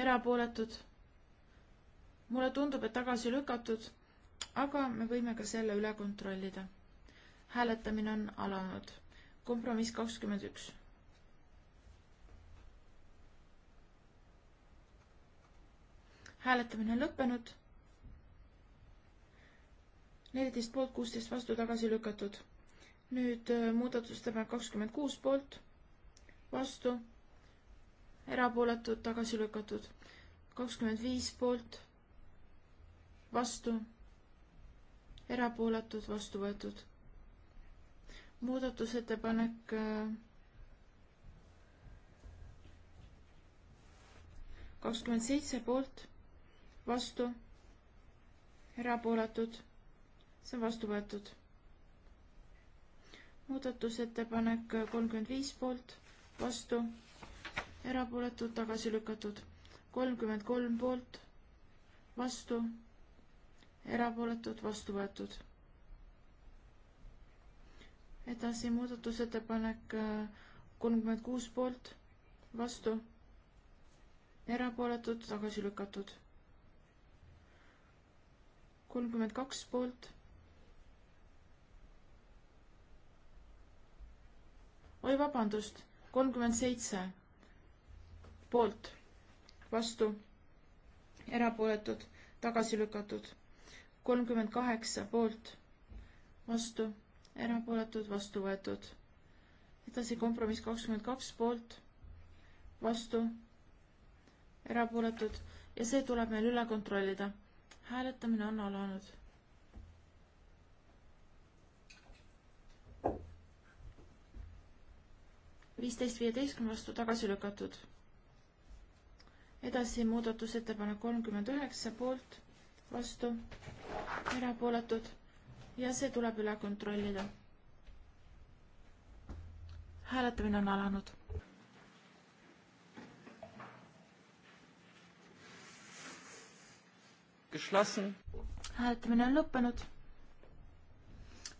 erapooletud. mulle tundub, et tagasi lükatud, aga me võime ka selle üle kontrollida. hääletamine on alanud, kompromiss kakskümmend üks. hääletamine on lõppenud neliteist poolt, kuusteist vastu tagasi lükatud. nüüd äh, muudatusettepanek kakskümmend kuus poolt, vastu, erapooletud, tagasi lükatud. kakskümmend viis poolt, vastu, erapooletud, vastu võetud. muudatusettepanek äh, kakskümmend seitse poolt, vastu, erapooletud see on vastu võetud. muudatusettepanek kolmkümmend viis poolt, vastu, erapooletud, tagasi lükatud. kolmkümmend kolm poolt, vastu, erapooletud, vastu võetud. edasi muudatusettepanek kolmkümmend kuus poolt, vastu erapooletud, tagasi lükatud. kolmkümmend kaks poolt, oi, vabandust, kolmkümmend seitse poolt, vastu, erapooletud, tagasi lükatud, kolmkümmend kaheksa poolt, vastu, erapooletud, vastu võetud. edasi kompromiss kakskümmend kaks poolt, vastu, erapooletud ja see tuleb meil üle kontrollida. hääletamine on alanud viisteist viieteistkümne vastu tagasi lükatud. edasi muudatusettepanek kolmkümmend üheksa poolt, vastu, erapooletud ja see tuleb üle kontrollida. hääletamine on alanud. hääletamine on lõppenud.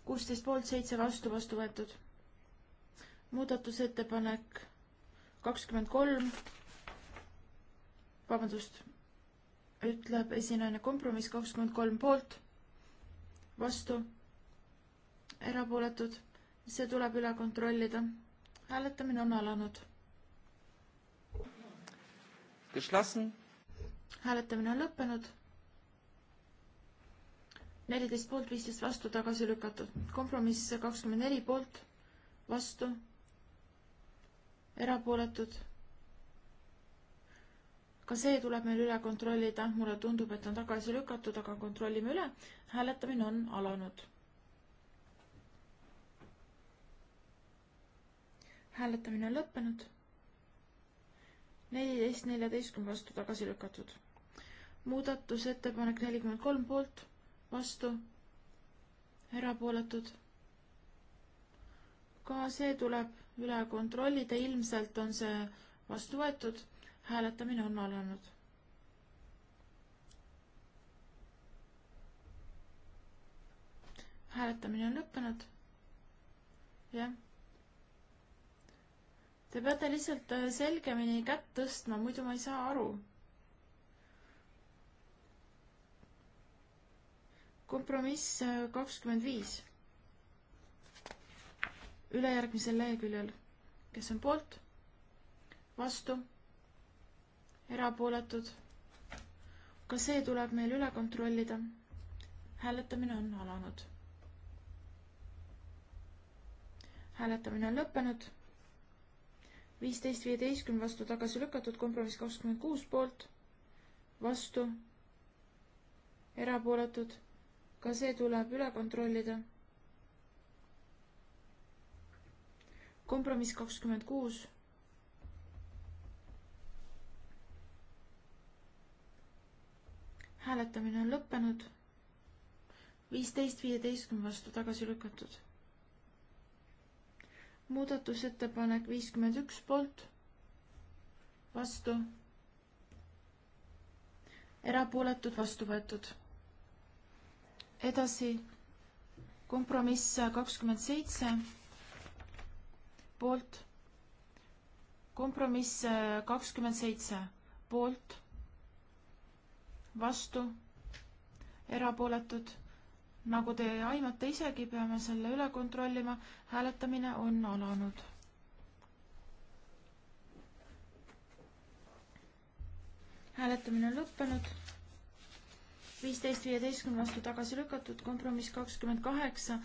kuusteist poolt, seitse vastu, vastu võetud muudatusettepanek kakskümmend kolm, vabandust, ütleb esinejana kompromiss kakskümmend kolm poolt, vastu, erapooletud, see tuleb üle kontrollida. hääletamine on alanud. hääletamine on lõppenud neliteist poolt, viisteist vastu, tagasi lükatud. kompromiss kakskümmend neli poolt, vastu, erapooletud. ka see tuleb meil üle kontrollida, mulle tundub, et on tagasi lükatud, aga kontrollime üle. hääletamine on alanud. hääletamine on lõppenud. neliteist neljateistkümne vastu tagasi lükatud. muudatusettepanek nelikümmend kolm poolt, vastu, erapooletud. ka see tuleb üle kontrollida, ilmselt on see vastu võetud, hääletamine on alanud. hääletamine on lõppenud. jah. Te peate lihtsalt äh, selgemini kätt tõstma, muidu ma ei saa aru kompromiss äh, kakskümmend viis ülejärgmisel leheküljel, kes on poolt, vastu, erapooletud. ka see tuleb meil üle kontrollida. hääletamine on alanud. hääletamine on lõppenud. viisteist viieteistkümne vastu tagasi lükatud, kompromiss kakskümmend kuus poolt, vastu erapooletud, ka see tuleb üle kontrollida kompromiss kakskümmend kuus. hääletamine on lõppenud. viisteist viieteistkümne vastu tagasi lükatud. muudatusettepanek viiskümmend üks poolt, vastu, erapooletud, vastu võetud. edasi kompromiss kakskümmend seitse poolt, kompromiss äh, kakskümmend seitse, poolt, vastu, erapooletud. nagu te aimate isegi, peame selle üle kontrollima, hääletamine on alanud. hääletamine on lõppenud viisteist viieteistkümne vastu tagasi lükatud, kompromiss kakskümmend kaheksa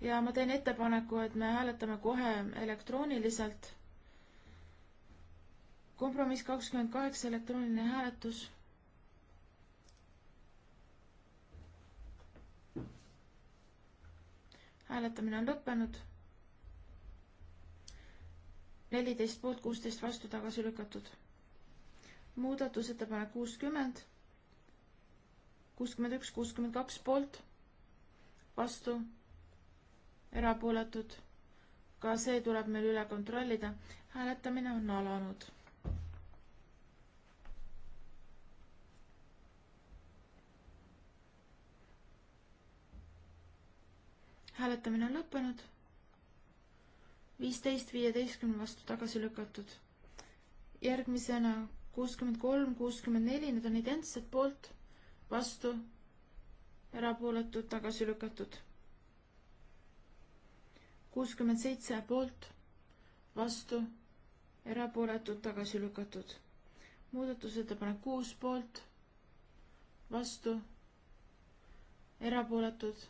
ja ma teen ettepaneku, et me hääletame kohe elektrooniliselt. kompromiss kakskümmend kaheksa, elektrooniline hääletus hääletamine on lõppenud. neliteist poolt, kuusteist vastu, tagasi lükatud. muudatusettepanek kuuskümmend, kuuskümmend üks, kuuskümmend kaks poolt, vastu, erapooletud, ka see tuleb meil üle kontrollida. hääletamine on alanud. hääletamine on lõppenud. viisteist viieteistkümne vastu tagasi lükatud. järgmisena kuuskümmend kolm, kuuskümmend neli, need on identsed poolt, vastu, erapooletud, tagasi lükatud kuuskümmend seitse poolt, vastu, erapooletud, tagasi lükatud. muudatusettepanek kuus poolt, vastu, erapooletud.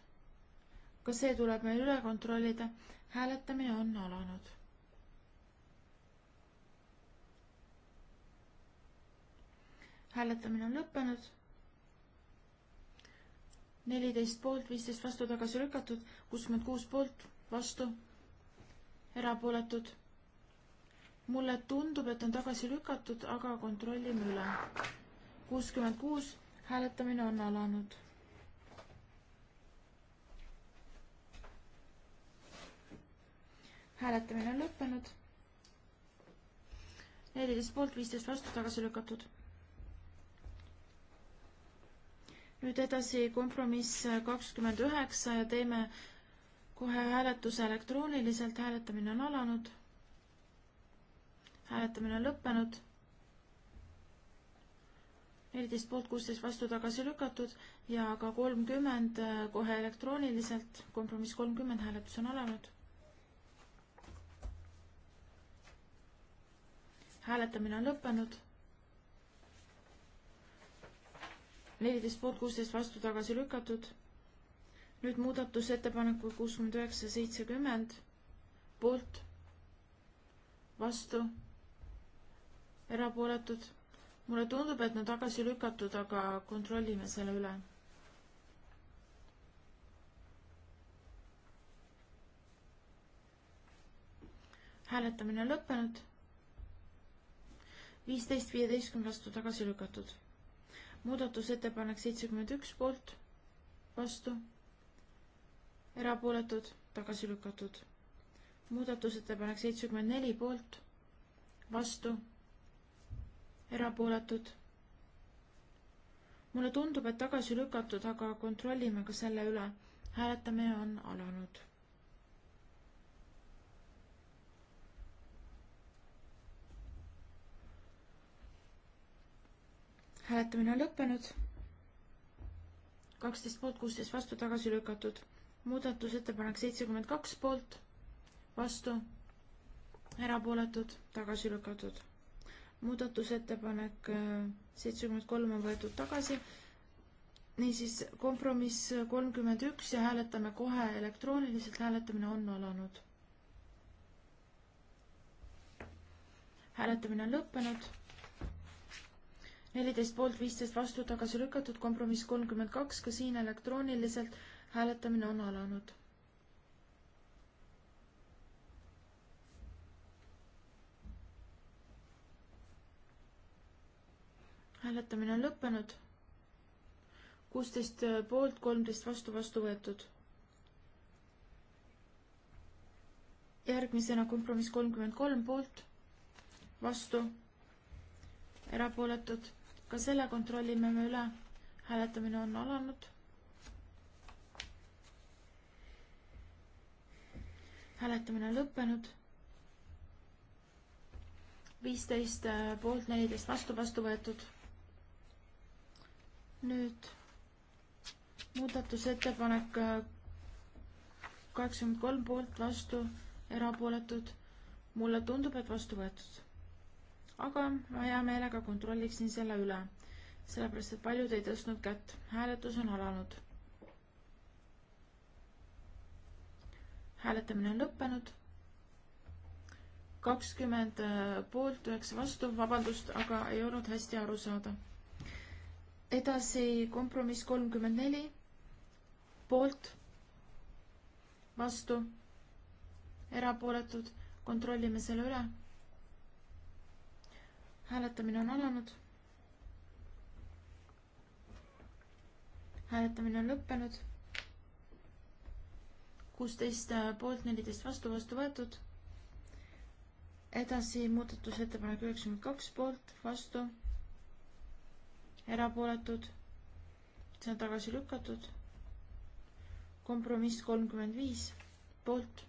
ka see tuleb meil üle kontrollida. hääletamine on alanud hääletamine on lõppenud. neliteist poolt, viisteist vastu tagasi lükatud, kuuskümmend kuus poolt vastu, erapooletud. mulle tundub, et on tagasi lükatud, aga kontrollime üle. kuuskümmend kuus, hääletamine on alanud. hääletamine on lõppenud. neliteist poolt, viisteist vastu, tagasi lükatud nüüd edasi kompromiss kakskümmend üheksa ja teeme kohe hääletuse elektrooniliselt, hääletamine on alanud. hääletamine on lõppenud. neliteist poolt, kuusteist vastu tagasi lükatud ja ka kolmkümmend äh, kohe elektrooniliselt, kompromiss kolmkümmend, hääletus on alanud. hääletamine on lõppenud neliteist poolt kuusteist vastu tagasi lükatud nüüd muudatusettepanekul kuuskümmend üheksa, seitsekümmend poolt, vastu, erapooletud. mulle tundub, et nad tagasi lükatud, aga kontrollime selle üle. hääletamine on lõppenud. viisteist viieteistkümne vastu tagasi lükatud. muudatusettepanek seitsekümmend üks poolt, vastu erapooletud, tagasi lükatud. muudatusettepanek seitsekümmend neli poolt, vastu, erapooletud. mulle tundub, et tagasi lükatud, aga kontrollime ka selle üle. hääletamine on alanud. hääletamine on lõppenud. kaksteist poolt, kuusteist vastu, tagasi lükatud muudatusettepanek seitsekümmend kaks poolt, vastu, erapooletud, tagasi lükatud. muudatusettepanek äh, seitsekümmend kolm on võetud tagasi. niisiis kompromiss kolmkümmend üks ja hääletame kohe elektrooniliselt, hääletamine on alanud. hääletamine on lõppenud neliteist poolt, viisteist vastu tagasi lükatud, kompromiss kolmkümmend kaks, ka siin elektrooniliselt hääletamine on alanud. hääletamine on lõppenud. kuusteist äh, poolt, kolmteist vastu, vastu võetud. järgmisena kompromiss kolmkümmend kolm poolt, vastu, erapooletud. ka selle kontrollime me üle. hääletamine on alanud hääletamine on lõppenud. viisteist äh, poolt, neliteist vastu, vastu võetud. nüüd muudatusettepanek äh, kaheksakümmend kolm poolt, vastu, erapooletud. mulle tundub, et vastu võetud. aga ma hea meelega kontrolliksin selle üle, sellepärast et paljud ei tõstnud kätt. hääletus on alanud hääletamine on lõppenud. kakskümmend äh, poolt, üheksa vastu, vabandust, aga ei olnud hästi aru saada. edasi kompromiss kolmkümmend neli, poolt, vastu, erapooletud, kontrollime selle üle. hääletamine on alanud. hääletamine on lõppenud kuusteist äh, poolt, neliteist vastu, vastu võetud. edasi muudatusettepanek üheksakümmend kaks poolt, vastu, erapooletud, see on tagasi lükatud. kompromiss kolmkümmend viis poolt,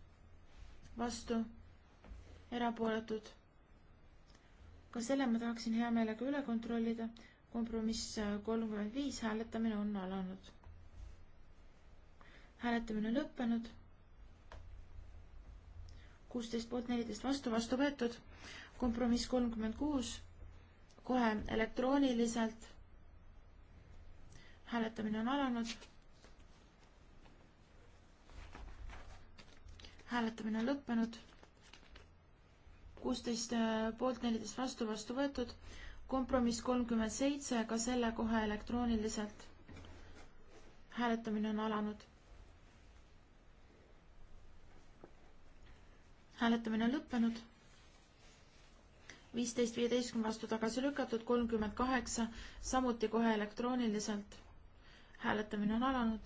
vastu, erapooletud. ka selle ma tahaksin hea meelega üle kontrollida. kompromiss äh, kolmkümmend viis, hääletamine on alanud hääletamine lõppenud kuusteist poolt neliteist vastu, vastu võetud. kompromiss kolmkümmend kuus, kohe elektrooniliselt. hääletamine on alanud. hääletamine on lõppenud. kuusteist äh, poolt neliteist vastu, vastu võetud. kompromiss kolmkümmend seitse, ka selle kohe elektrooniliselt. hääletamine on alanud. hääletamine on lõppenud. viisteist viieteistkümne vastu tagasi lükatud, kolmkümmend kaheksa, samuti kohe elektrooniliselt. hääletamine on alanud.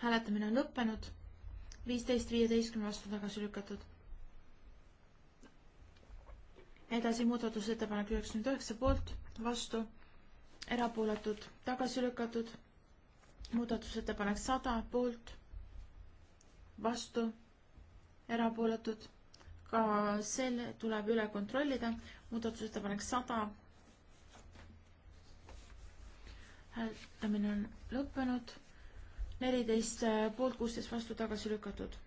hääletamine on lõppenud, viisteist viieteistkümne vastu tagasi lükatud. edasi muudatusettepanek üheksakümmend üheksa poolt, vastu, erapooletud, tagasi lükatud muudatusettepanek sada poolt, vastu, erapooletud, ka selle tuleb üle kontrollida, muudatusettepanek sada. hääletamine on lõppenud, neliteist eh, poolt, kuusteist vastu, tagasi lükatud.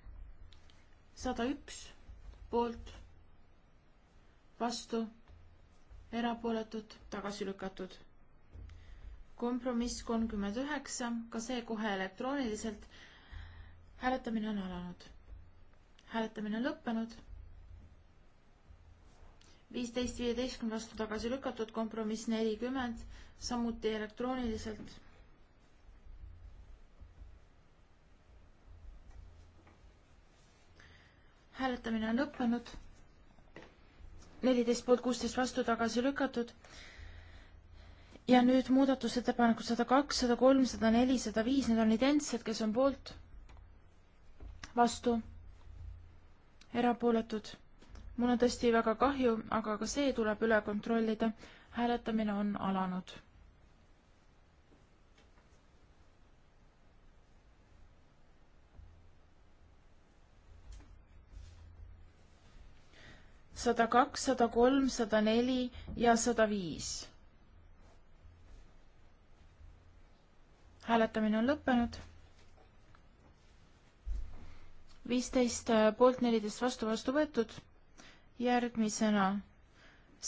sada üks poolt, vastu, erapooletud, tagasi lükatud kompromiss kolmkümmend üheksa, ka see kohe elektrooniliselt. hääletamine on alanud. hääletamine on lõppenud. viisteist viieteistkümne vastu tagasi lükatud, kompromiss nelikümmend, samuti elektrooniliselt. hääletamine on lõppenud. neliteist poolt kuusteist vastu tagasi lükatud ja nüüd muudatusettepanekud sada kaks, sada kolm, sada neli, sada viis, need on identsed, kes on poolt, vastu, erapooletud. mul on tõesti väga kahju, aga ka see tuleb üle kontrollida. hääletamine on alanud. sada kaks, sada kolm, sada neli ja sada viis hääletamine on lõppenud. viisteist äh, poolt, neliteist vastu, vastu võetud. järgmisena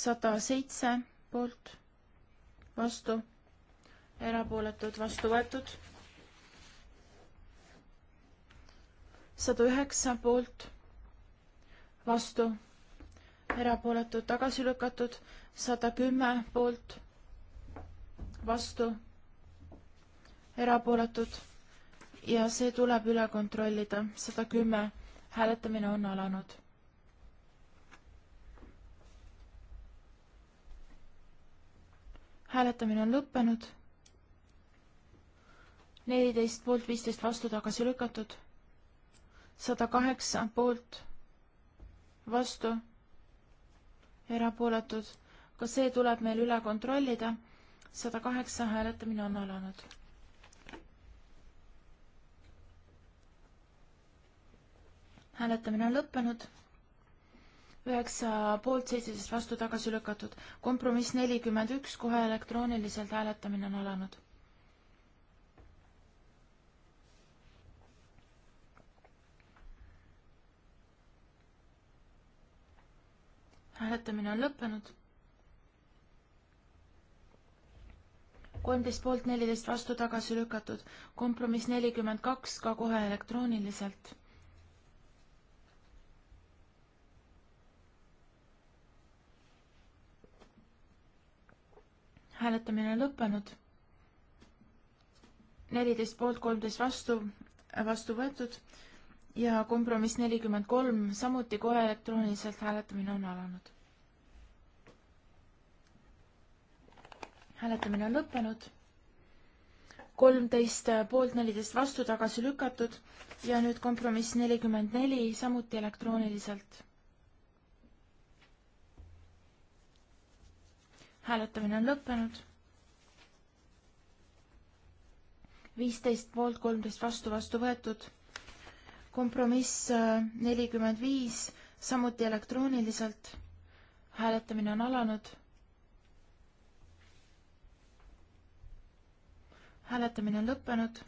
sada seitse poolt, vastu, erapooletud, vastu võetud. sada üheksa poolt, vastu, erapooletud, tagasi lükatud, sada kümme poolt, vastu erapooletud ja see tuleb üle kontrollida, sada kümme, hääletamine on alanud. hääletamine on lõppenud. neliteist poolt, viisteist vastu tagasi lükatud. sada kaheksa poolt, vastu, erapooletud. ka see tuleb meil üle kontrollida. sada kaheksa hääletamine on alanud hääletamine on lõppenud. üheksa poolt, seitseteist vastu tagasi lükatud. kompromiss nelikümmend üks, kohe elektrooniliselt hääletamine on alanud. hääletamine on lõppenud. kolmteist poolt, neliteist vastu tagasi lükatud. kompromiss nelikümmend kaks, ka kohe elektrooniliselt hääletamine on lõppenud. neliteist poolt, kolmteist vastu, vastu võetud ja kompromiss nelikümmend kolm, samuti kohe elektrooniliselt hääletamine on alanud. hääletamine on lõppenud. kolmteist poolt, neliteist vastu tagasi lükatud ja nüüd kompromiss nelikümmend neli, samuti elektrooniliselt hääletamine on lõppenud. viisteist poolt, kolmteist vastu, vastu võetud. kompromiss äh, nelikümmend viis, samuti elektrooniliselt. hääletamine on alanud. hääletamine on lõppenud.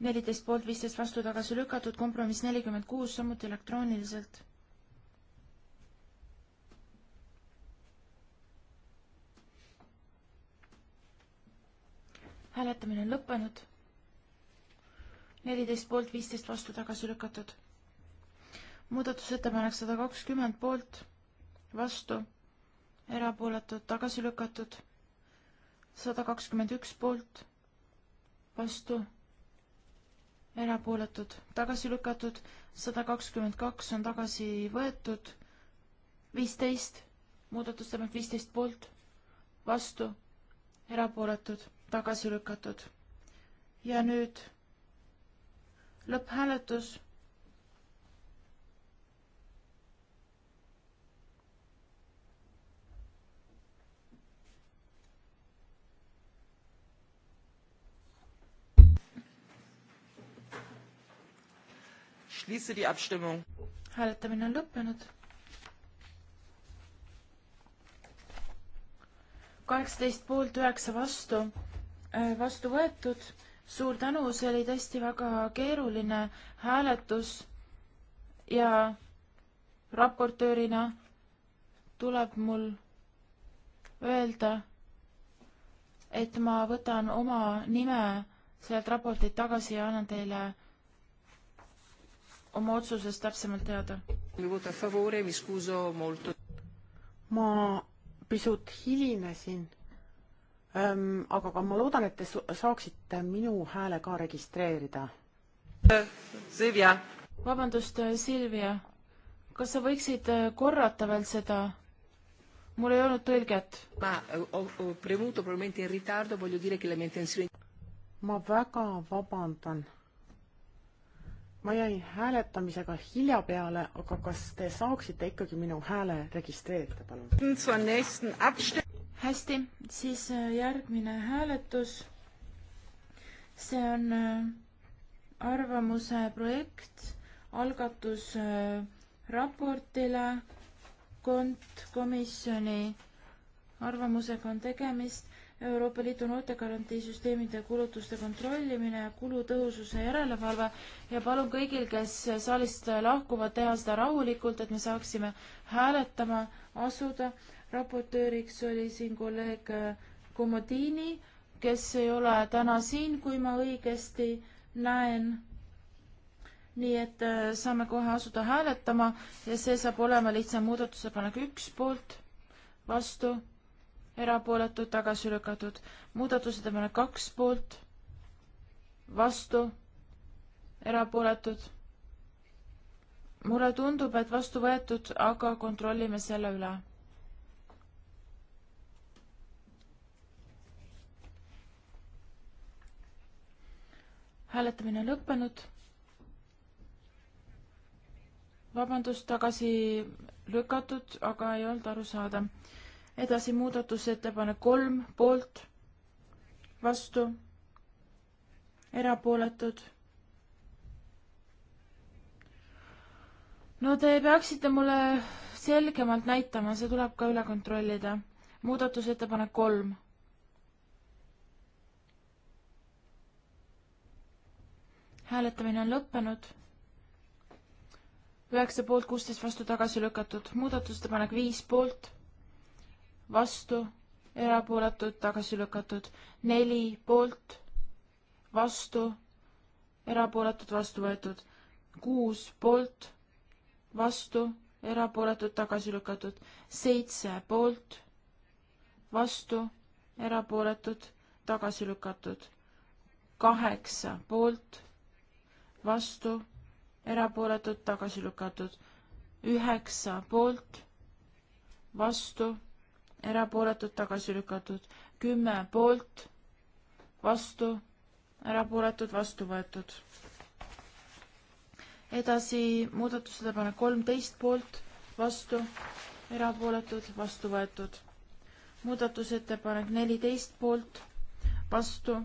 neliteist poolt, viisteist vastu tagasi lükatud, kompromiss nelikümmend kuus, samuti elektrooniliselt hääletamine on lõppenud. neliteist poolt, viisteist vastu tagasi lükatud. muudatusettepanek sada kakskümmend poolt, vastu, erapooletud, tagasi lükatud. sada kakskümmend üks poolt, vastu, erapooletud, tagasi lükatud. sada kakskümmend kaks on tagasi võetud. viisteist, muudatusettepanek viisteist poolt, vastu, erapooletud tagasi lükatud. ja nüüd lõpphääletus schließe die Abstimmung. Hääletamine on lõppenud. kaheksateist poolt, üheksa vastu, Äh, vastu võetud. suur tänu, see oli tõesti väga keeruline hääletus ja raportöörina tuleb mul öelda, et ma võtan oma nime sealt raportilt tagasi ja annan teile oma otsusest täpsemalt teada. ma pisut hilinesin aga ka ma loodan, et te saaksite minu hääle ka registreerida. Silvia. vabandust, äh, Silvia, kas sa võiksid äh, korrata veel seda? mul ei olnud tõlget. Äh, ma väga vabandan. ma jäin hääletamisega hilja peale, aga kas te saaksite ikkagi minu hääle registreerida, palun? hästi, siis äh, järgmine hääletus. see on äh, arvamuse projekt, algatus äh, raportile, kont-, komisjoni arvamusega on tegemist Euroopa Liidu noortegarantiisüsteemide kulutuste kontrollimine ja kulutõhususe järelevalve ja palun kõigil, kes saalist lahkuvad, teha seda rahulikult, et me saaksime hääletama asuda raportööriks oli siin kolleeg Komodini, kes ei ole täna siin, kui ma õigesti näen. nii et äh, saame kohe asuda hääletama ja see saab olema lihtsa muudatusepanek üks poolt, vastu, erapooletud, tagasi lükatud. muudatusettepanek kaks poolt, vastu, erapooletud mulle tundub, et vastu võetud, aga kontrollime selle üle. hääletamine on lõppenud. vabandust, tagasi lükatud, aga ei olnud aru saada. edasi muudatusettepanek kolm poolt, vastu, erapooletud no te peaksite mulle selgemalt näitama, see tuleb ka üle kontrollida. muudatusettepanek kolm hääletamine on lõppenud. üheksa poolt, kuusteist vastu tagasi lükatud, muudatusettepanek viis poolt, vastu, erapooletud, tagasi lükatud, neli poolt, vastu, erapooletud, vastu võetud, kuus poolt, vastu, erapooletud, tagasi lükatud, seitse poolt, vastu, erapooletud, tagasi lükatud, kaheksa poolt vastu, erapooletud, tagasi lükatud. üheksa poolt, vastu, erapooletud, tagasi lükatud. kümme poolt, vastu, erapooletud, vastu võetud. edasi muudatusettepanek kolmteist poolt, vastu, erapooletud, vastu võetud. muudatusettepanek neliteist poolt, vastu,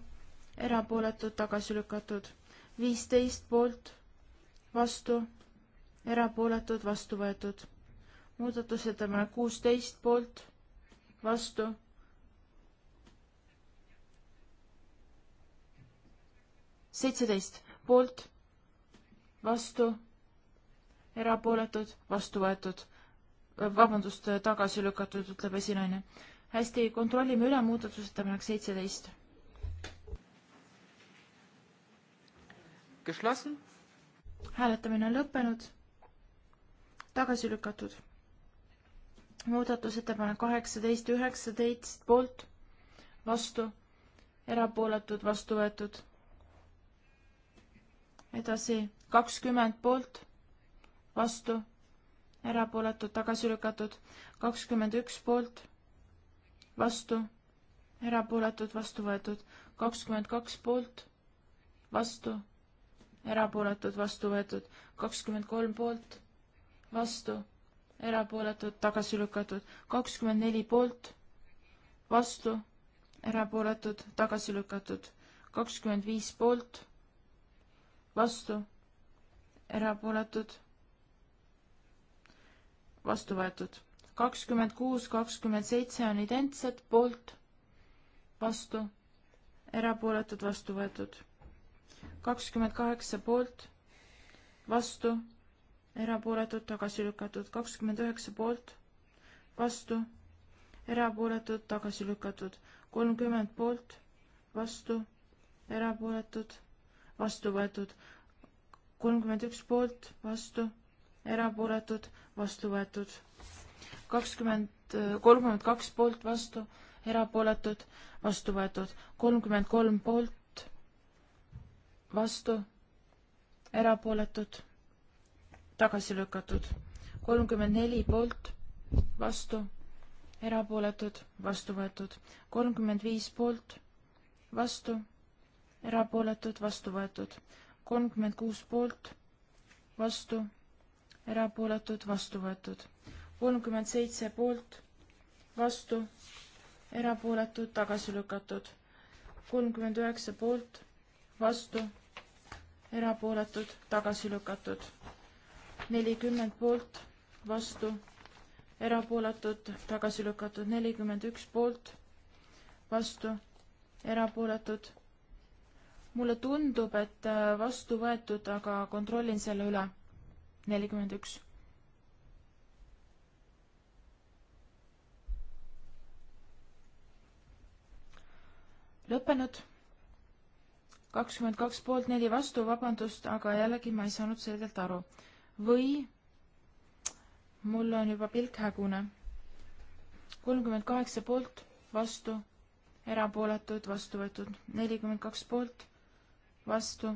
erapooletud, tagasi lükatud viisteist poolt, vastu, erapooletud, vastu võetud. muudatusettepanek kuusteist poolt, vastu. seitseteist poolt, vastu, erapooletud, vastu võetud. vabandust, tagasi lükatud, ütleb esinaine. hästi, kontrollime üle muudatusettepanek seitseteist geschlossen. hääletamine on lõppenud. tagasi lükatud. muudatusettepanek kaheksateist, üheksateist poolt, vastu, erapooletud, vastu võetud. edasi kakskümmend poolt, vastu, erapooletud, tagasi lükatud, kakskümmend üks poolt, vastu, erapooletud, vastu võetud, kakskümmend kaks poolt, vastu erapooletud, vastu võetud, kakskümmend kolm poolt, vastu, erapooletud, tagasi lükatud, kakskümmend neli poolt, vastu, erapooletud, tagasi lükatud, kakskümmend viis poolt, vastu, erapooletud, vastu võetud, kakskümmend kuus, kakskümmend seitse on identsed, poolt, vastu, erapooletud, vastu võetud kakskümmend kaheksa poolt, vastu, erapooletud, tagasi lükatud, kakskümmend üheksa poolt, vastu, erapooletud, tagasi lükatud, kolmkümmend poolt, vastu, erapooletud, vastu võetud, kolmkümmend üks poolt, vastu, erapooletud, vastu võetud, kakskümmend, kolmkümmend kaks poolt, vastu, erapooletud, vastu võetud, kolmkümmend kolm poolt, vastu, erapooletud, tagasi lükatud. kolmkümmend neli poolt, vastu, erapooletud, vastu võetud. kolmkümmend viis poolt, vastu, erapooletud, vastu võetud. kolmkümmend kuus poolt, vastu, erapooletud, vastu võetud. kolmkümmend seitse poolt, vastu, erapooletud, tagasi lükatud. kolmkümmend üheksa poolt, vastu erapooletud, tagasi lükatud. nelikümmend poolt, vastu, erapooletud, tagasi lükatud, nelikümmend üks poolt, vastu, erapooletud. mulle tundub, et äh, vastu võetud, aga kontrollin selle üle. nelikümmend üks. lõppenud kakskümmend kaks poolt neli vastu, vabandust, aga jällegi ma ei saanud selgelt aru. või mul on juba pilk hägune. kolmkümmend kaheksa poolt, vastu, erapooletud, vastu võetud, nelikümmend kaks poolt, vastu,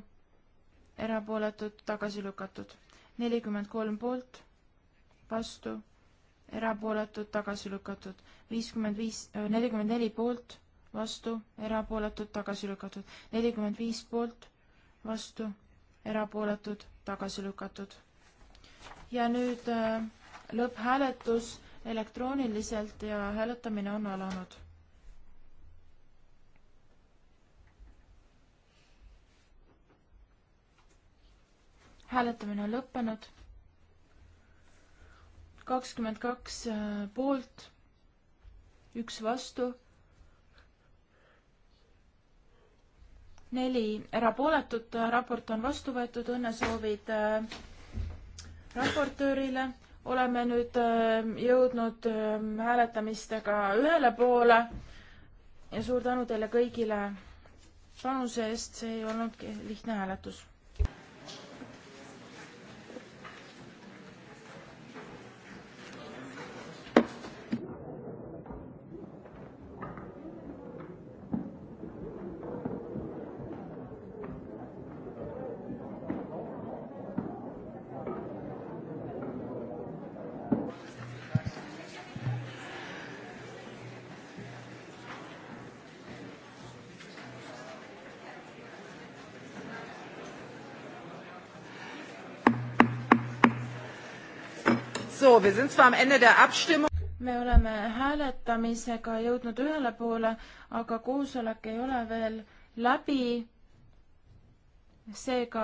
erapooletud, tagasi lükatud, nelikümmend kolm poolt, vastu, erapooletud, tagasi lükatud, viiskümmend viis, nelikümmend neli poolt vastu, erapooletud, tagasi lükatud. nelikümmend viis poolt, vastu, erapooletud, tagasi lükatud. ja nüüd äh, lõpphääletus elektrooniliselt ja hääletamine on alanud. hääletamine on lõppenud. kakskümmend kaks äh, poolt, üks vastu neli erapooletut, raport on vastu võetud, õnnesoovid äh, raportöörile. oleme nüüd äh, jõudnud äh, hääletamistega ühele poole ja suur tänu teile kõigile panuse eest, see ei olnudki lihtne hääletus So, wir sind zwar am Ende der Abstimmung. me oleme hääletamisega jõudnud ühele poole, aga koosolek ei ole veel läbi. seega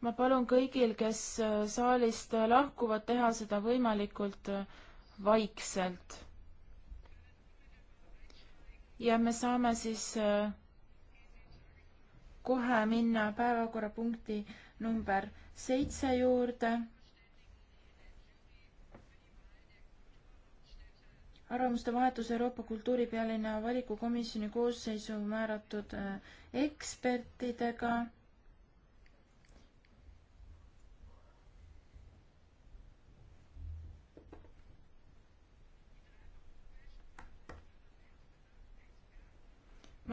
ma palun kõigil, kes saalist lahkuvad, teha seda võimalikult vaikselt. ja me saame siis äh, kohe minna päevakorrapunkti number seitse juurde arvamuste vahetus Euroopa kultuuripealinna valikukomisjoni koosseisu määratud äh, ekspertidega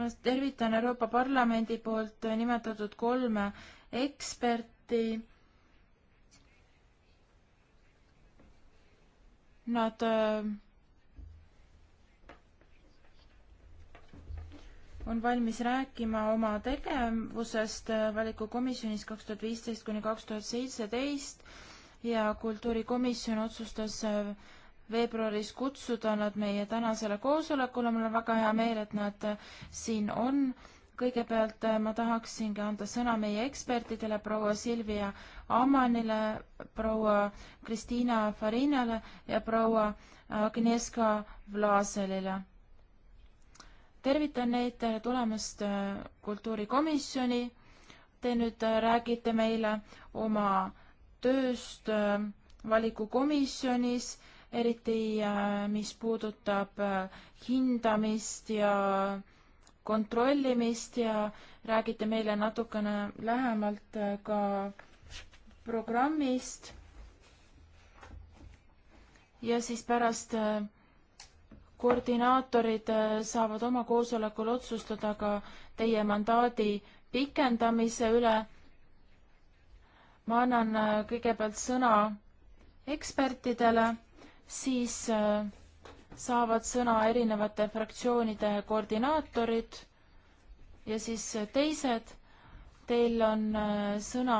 ma tervitan Euroopa Parlamendi poolt nimetatud kolme eksperti. Nad äh, on valmis rääkima oma tegevusest valikukomisjonis kaks tuhat viisteist kuni kaks tuhat seitseteist ja kultuurikomisjon otsustas veebruaris kutsuda nad meie tänasele koosolekule, mul on väga hea meel, et nad siin on. kõigepealt ma tahaksingi anda sõna meie ekspertidele, proua Silvia Amanile, proua Kristiina Farinale ja proua Agnieszka Vlaselile tervitan neid, tere äh, tulemast äh, kultuurikomisjoni. Te nüüd äh, räägite meile oma tööst valikukomisjonis, eriti mis puudutab hindamist ja kontrollimist ja räägite meile natukene lähemalt ka programmist. ja siis pärast äh, koordinaatorid äh, saavad oma koosolekul otsustada ka teie mandaadi pikendamise üle. ma annan äh, kõigepealt sõna ekspertidele, siis äh, saavad sõna erinevate fraktsioonide koordinaatorid ja siis teised. Teil on sõna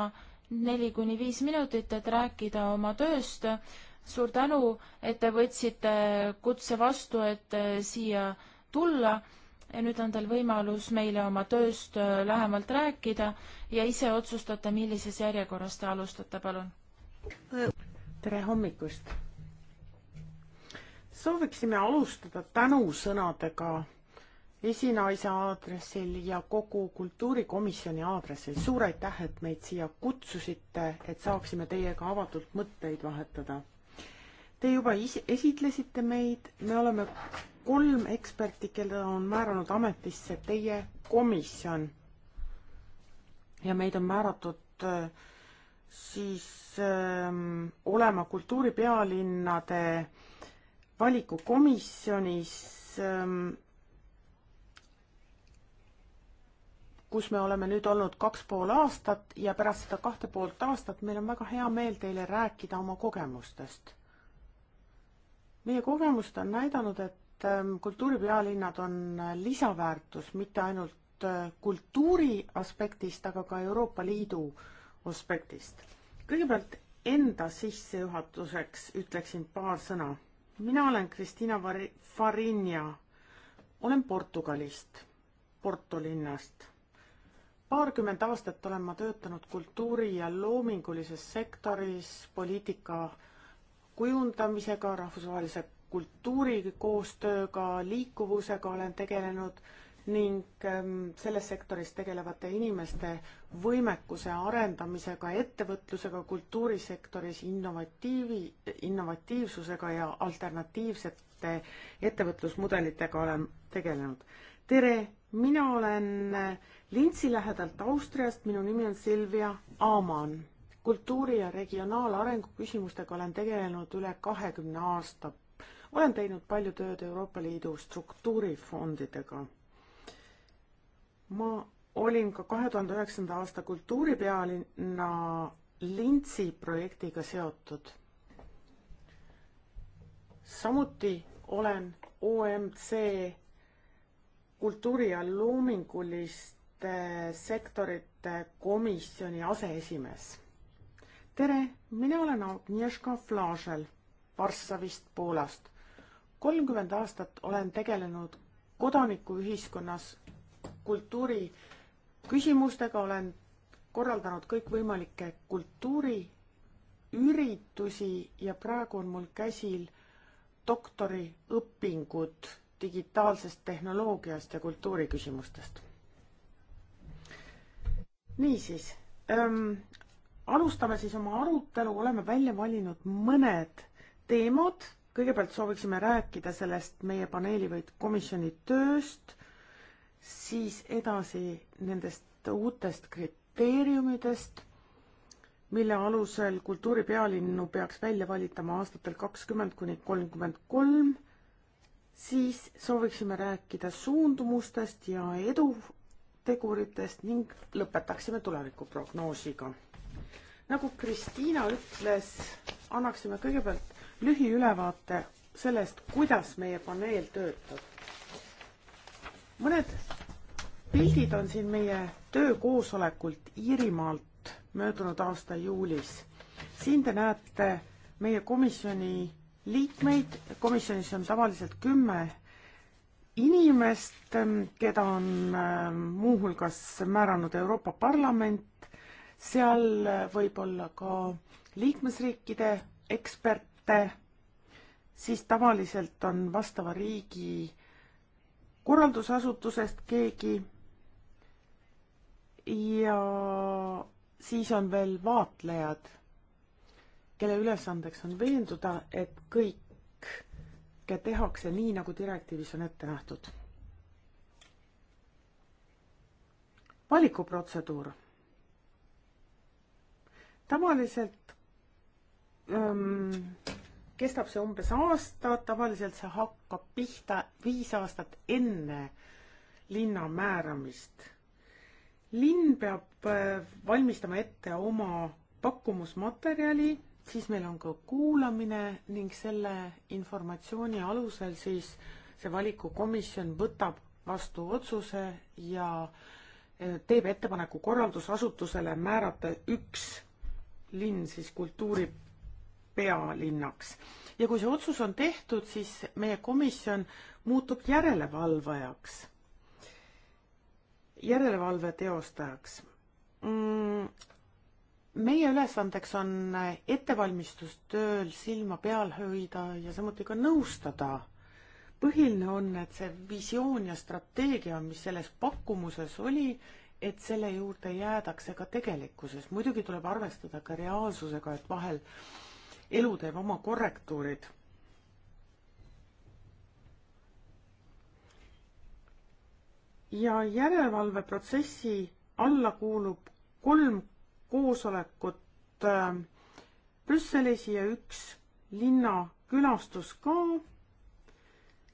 neli kuni viis minutit, et rääkida oma tööst suur tänu, et te võtsite kutse vastu, et äh, siia tulla ja nüüd on teil võimalus meile oma tööst äh, lähemalt rääkida ja ise otsustate, millises järjekorras te alustate, palun. tere hommikust! sooviksime alustada tänusõnadega esinaise aadressil ja kogu kultuurikomisjoni aadressil. suur aitäh, et meid siia kutsusite, et saaksime teiega avatult mõtteid vahetada Te juba ise esitlesite meid, me oleme kolm eksperti, keda on määranud ametisse teie komisjon. ja meid on määratud äh, siis öö, ähm, olema kultuuripealinnade valikukomisjonis, ähm, kus me oleme nüüd olnud kaks pool aastat ja pärast seda kahte poolt aastat meil on väga hea meel teile rääkida oma kogemustest meie kogemust on näidanud, et ähm, kultuuripealinnad on äh, lisaväärtus mitte ainult äh, kultuuri aspektist, aga ka Euroopa Liidu aspektist. kõigepealt enda sissejuhatuseks ütleksin paar sõna. mina olen Kristina Farinja, olen Portugalist, Porto linnast. paarkümmend aastat olen ma töötanud kultuuri ja loomingulises sektoris poliitika kujundamisega, rahvusvahelise kultuurikoostööga, liikuvusega olen tegelenud ning ähm, selles sektoris tegelevate inimeste võimekuse arendamisega, ettevõtlusega kultuurisektoris, innovatiivi, innovatiivsusega ja alternatiivsete ettevõtlusmudelitega olen tegelenud. tere, mina olen Lintsi lähedalt Austriast, minu nimi on Silvia Aaman kultuuri ja regionaalarengu küsimustega olen tegelenud üle kahekümne aasta. olen teinud palju tööd Euroopa Liidu struktuurifondidega. ma olin ka kahe tuhande üheksanda aasta kultuuripealinna lintsi projektiga seotud. samuti olen OMC kultuuri ja loominguliste sektorite komisjoni aseesimees tere, mina olen Agnieszka Flažel Varssavist, Poolast. kolmkümmend aastat olen tegelenud kodanikuühiskonnas kultuuri küsimustega, olen korraldanud kõikvõimalikke kultuuriüritusi ja praegu on mul käsil doktoriõpingud digitaalsest tehnoloogiast ja kultuuriküsimustest. niisiis ähm,, alustame siis oma arutelu, oleme välja valinud mõned teemad, kõigepealt sooviksime rääkida sellest meie paneeli või komisjoni tööst, siis edasi nendest uutest kriteeriumidest, mille alusel kultuuripealinnu peaks välja valitama aastatel kakskümmend kuni kolmkümmend kolm, siis sooviksime rääkida suundumustest ja eduteguritest ning lõpetaksime tulevikuprognoosiga nagu Kristiina ütles, annaksime kõigepealt lühiülevaate sellest, kuidas meie paneel töötab. mõned pildid on siin meie töökoosolekult Iirimaalt möödunud aasta juulis. siin te näete meie komisjoni liikmeid, komisjonis on tavaliselt kümme inimest, keda on äh, muuhulgas määranud Euroopa Parlament seal võib olla ka liikmesriikide eksperte, siis tavaliselt on vastava riigi korraldusasutusest keegi ja siis on veel vaatlejad, kelle ülesandeks on veenduda, et kõike tehakse nii, nagu direktiivis on ette nähtud. valikuprotseduur tavaliselt ähm, kestab see umbes aasta, tavaliselt see hakkab pihta viis aastat enne linna määramist. linn peab äh, valmistama ette oma pakkumusmaterjali, siis meil on ka kuulamine ning selle informatsiooni alusel siis see valikukomisjon võtab vastu otsuse ja äh, teeb ettepaneku korraldusasutusele määrata üks linn siis kultuuri pealinnaks. ja kui see otsus on tehtud, siis meie komisjon muutub järelevalvajaks, järelevalve teostajaks mm,. meie ülesandeks on ettevalmistustööl silma peal hoida ja samuti ka nõustada. põhiline on, et see visioon ja strateegia, mis selles pakkumuses oli, et selle juurde jäädakse ka tegelikkuses. muidugi tuleb arvestada ka reaalsusega, et vahel elu teeb oma korrektuurid. ja järelevalveprotsessi alla kuulub kolm koosolekut äh, Brüsselis ja üks linnakülastus ka.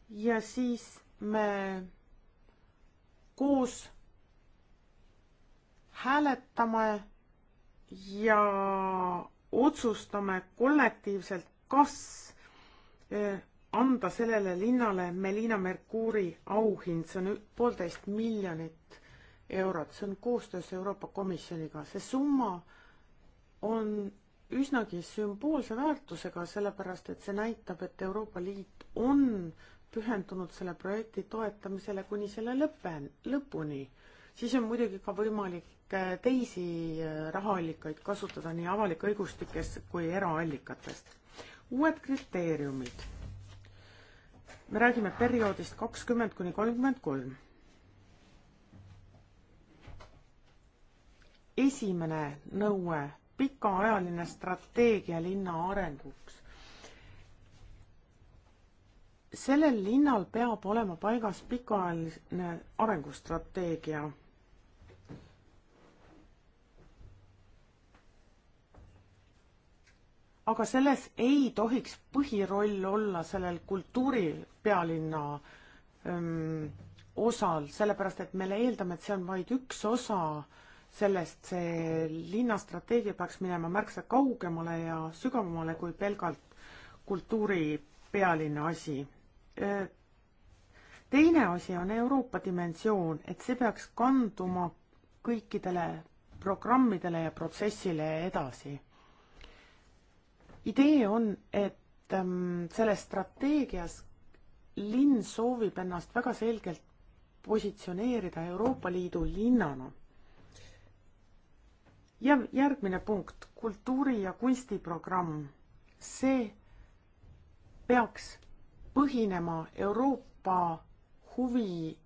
ja siis me koos hääletame ja otsustame kollektiivselt, kas eh, anda sellele linnale Melina Mercuuri auhind, see on poolteist miljonit eurot, see on koostöös Euroopa Komisjoniga, see summa on üsnagi sümboolse väärtusega, sellepärast et see näitab, et Euroopa Liit on pühendunud selle projekti toetamisele kuni selle lõppen, lõpuni. siis on muidugi ka võimalik teisi äh, rahaallikaid kasutada nii avalik-õigustikest kui eraallikatest. uued kriteeriumid. me räägime perioodist kakskümmend kuni kolmkümmend kolm. esimene nõue, pikaajaline strateegia linna arenguks. sellel linnal peab olema paigas pikaajaline arengustrateegia aga selles ei tohiks põhiroll olla sellel kultuuripealinna öö, ähm, osal, sellepärast et me eeldame, et see on vaid üks osa sellest, see linnastrateegia peaks minema märksa kaugemale ja sügavamale kui pelgalt kultuuripealinna asi. Äh, teine asi on Euroopa dimensioon, et see peaks kanduma kõikidele programmidele ja protsessile edasi idee on, et ähm, selles strateegias linn soovib ennast väga selgelt positsioneerida Euroopa Liidu linnana. ja järgmine punkt, kultuuri- ja kunstiprogramm. see peaks põhinema Euroopa huvi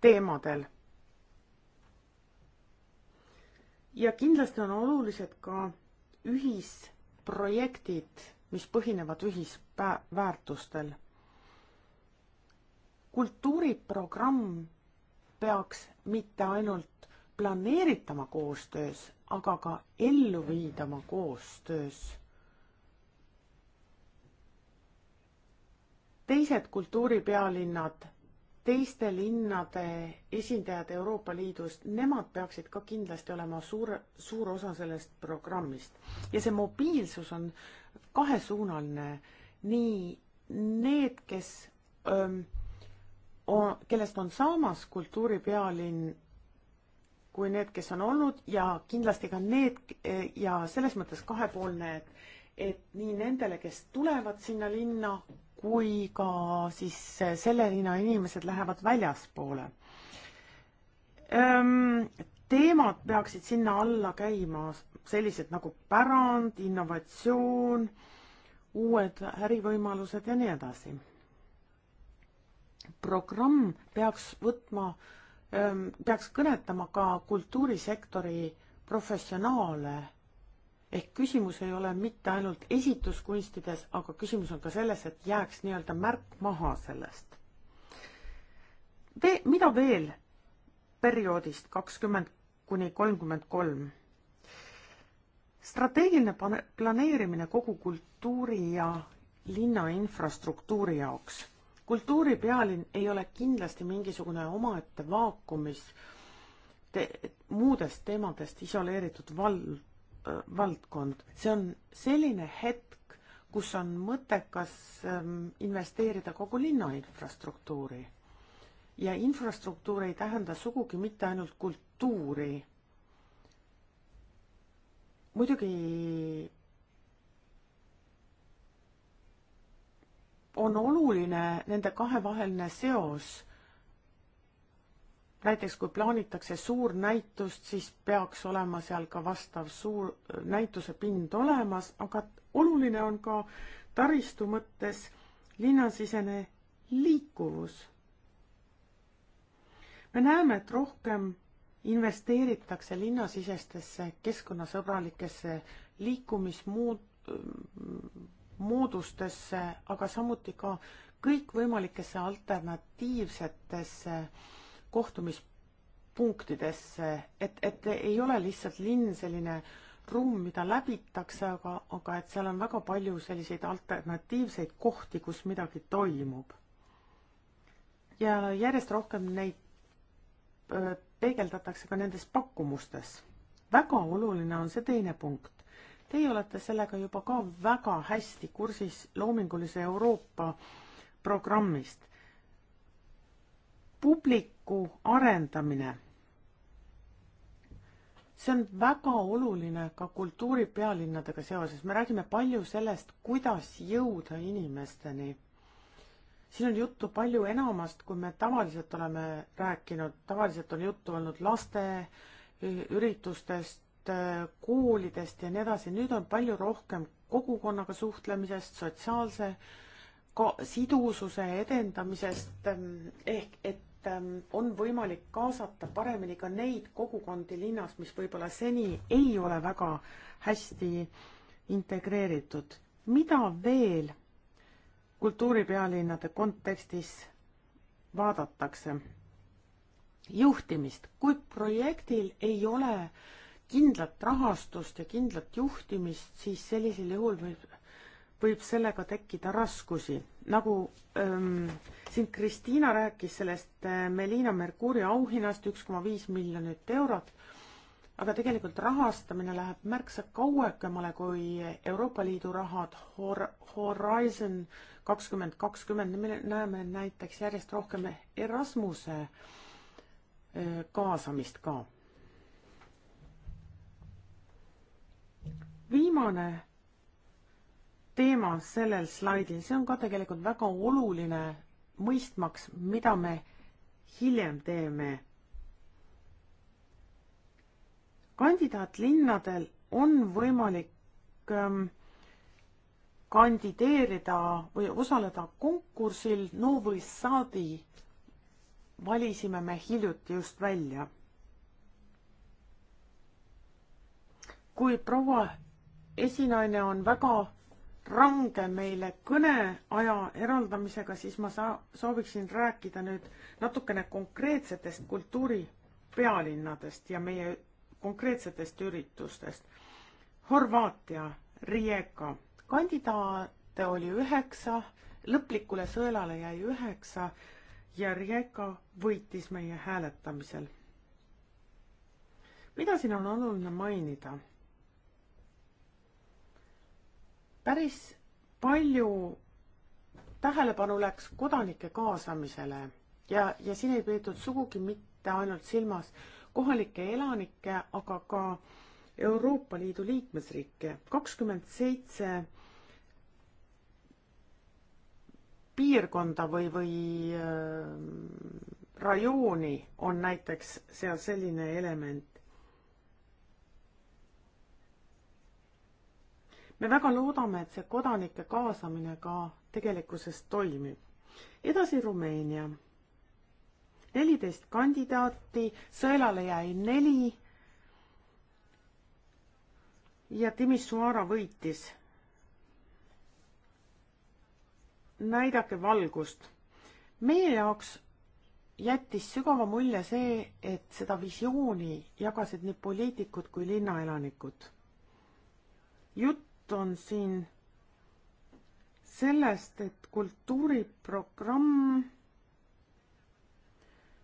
teemadel ja kindlasti on olulised ka ühisprojektid, mis põhinevad ühisväärtustel. kultuuriprogramm peaks mitte ainult planeeritama koostöös, aga ka ellu viidama koostöös teised kultuuripealinnad teiste linnade esindajad Euroopa Liidust, nemad peaksid ka kindlasti olema suur, suur osa sellest programmist. ja see mobiilsus on kahesuunaline, nii need, kes, kellest on saamas kultuuripealinn, kui need, kes on olnud ja kindlasti ka need e, ja selles mõttes kahepoolne, et, et nii nendele, kes tulevad sinna linna, kui ka siis selle linna inimesed lähevad väljaspoole. teemad peaksid sinna alla käima, sellised nagu pärand, innovatsioon, uued ärivõimalused ja nii edasi. programm peaks võtma, peaks kõnetama ka kultuurisektori professionaale ehk küsimus ei ole mitte ainult esituskunstides, aga küsimus on ka selles, et jääks nii-öelda märk maha sellest. Ve-, mida veel perioodist kakskümmend kuni kolmkümmend kolm? strateegiline pane-, planeerimine kogu kultuuri ja linna infrastruktuuri jaoks. kultuuripealinn ei ole kindlasti mingisugune omaette vaakumis te-, muudest teemadest isoleeritud vald, Äh, valdkond. see on selline hetk, kus on mõttekas ähm, investeerida kogu linna infrastruktuuri. ja infrastruktuur ei tähenda sugugi mitte ainult kultuuri. muidugi on oluline nende kahevaheline seos näiteks kui plaanitakse suurnäitust, siis peaks olema seal ka vastav suur näituse pind olemas, aga oluline on ka taristu mõttes linnasisene liikuvus. me näeme, et rohkem investeeritakse linnasisestesse keskkonnasõbralikesse liikumismuud-, moodustesse, aga samuti ka kõikvõimalikesse alternatiivsetesse äh, kohtumispunktidesse, et, et ei ole lihtsalt linn selline ruum, mida läbitakse, aga, aga et seal on väga palju selliseid alternatiivseid kohti, kus midagi toimub. ja järjest rohkem neid peegeldatakse ka nendes pakkumustes. väga oluline on see teine punkt. Teie olete sellega juba ka väga hästi kursis loomingulise Euroopa programmist publiku arendamine. see on väga oluline ka kultuuripealinnadega seoses, me räägime palju sellest, kuidas jõuda inimesteni. siin on juttu palju enamast, kui me tavaliselt oleme rääkinud, tavaliselt on juttu olnud laste üritustest, koolidest ja nii edasi, nüüd on palju rohkem kogukonnaga suhtlemisest, sotsiaalse ka sidususe edendamisest ehk et et ähm, on võimalik kaasata paremini ka neid kogukondi linnas, mis võib-olla seni ei ole väga hästi integreeritud. mida veel kultuuripealinnade kontekstis vaadatakse? juhtimist, kui projektil ei ole kindlat rahastust ja kindlat juhtimist, siis sellisel juhul võib võib sellega tekkida raskusi, nagu ähm, siin Kristiina rääkis sellest äh, Melina Mercuuri auhinnast üks koma viis miljonit eurot, aga tegelikult rahastamine läheb märksa kaugemale kui Euroopa Liidu rahad Hor-, Horizon kakskümmend kakskümmend, me näeme näiteks järjest rohkem Erasmuse äh, kaasamist ka. viimane teema sellel slaidil, see on ka tegelikult väga oluline mõistmaks, mida me hiljem teeme. kandidaatlinnadel on võimalik ähm, kandideerida või osaleda konkursil Novõi Sadi valisime me hiljuti just välja. kui proua esinaine on väga range meile kõneaja eraldamisega, siis ma saa-, sooviksin rääkida nüüd natukene konkreetsetest kultuuripealinnadest ja meie konkreetsetest üritustest. Horvaatia, Rijeka, kandidaate oli üheksa, lõplikule sõelale jäi üheksa ja Rijeka võitis meie hääletamisel. mida siin on oluline mainida? päris palju tähelepanu läks kodanike kaasamisele ja, ja siin ei peetud sugugi mitte ainult silmas kohalikke elanikke, aga ka Euroopa Liidu liikmesriike. kakskümmend seitse piirkonda või, või äh, rajooni on näiteks seal selline element. me väga loodame, et see kodanike kaasamine ka tegelikkuses toimib. edasi Rumeenia. neliteist kandidaati, sõelale jäi neli. ja Timisoara võitis. näidake valgust. meie jaoks jättis sügava mulje see, et seda visiooni jagasid nii poliitikud kui linnaelanikud. jutt on siin sellest, et kultuuriprogramm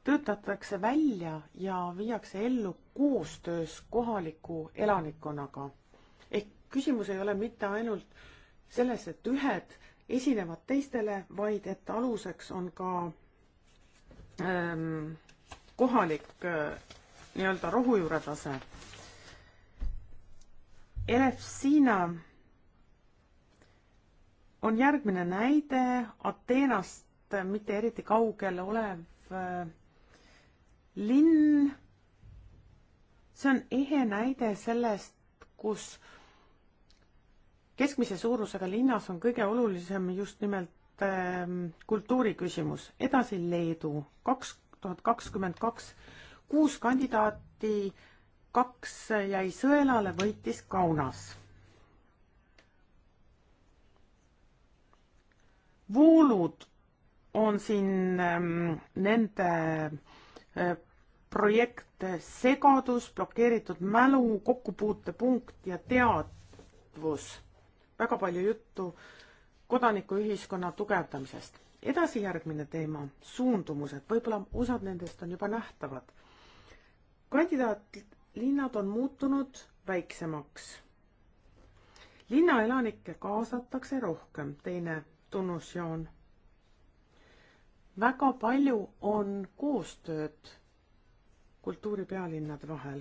töötatakse välja ja viiakse ellu koostöös kohaliku elanikkonnaga. ehk küsimus ei ole mitte ainult selles, et ühed esinevad teistele, vaid et aluseks on ka ähm, kohalik äh, nii-öelda rohujuure tase. Elefsina on järgmine näide Ateenast mitte eriti kaugel olev äh, linn. see on ehe näide sellest, kus keskmise suurusega linnas on kõige olulisem just nimelt ähm, kultuuri küsimus. edasi Leedu, kaks tuhat kakskümmend kaks, kuus kandidaati, kaks jäi sõelale, võitis Kaunas voolud on siin ähm, nende äh, projekt segadus, blokeeritud mälu, kokkupuutepunkt ja teadvus. väga palju juttu kodanikuühiskonna tugevdamisest. edasi järgmine teema, suundumused, võib-olla osad nendest on juba nähtavad. kandidaatlinnad on muutunud väiksemaks linnaelanikke kaasatakse rohkem, teine tunnusjoon. väga palju on koostööd kultuuripealinnade vahel.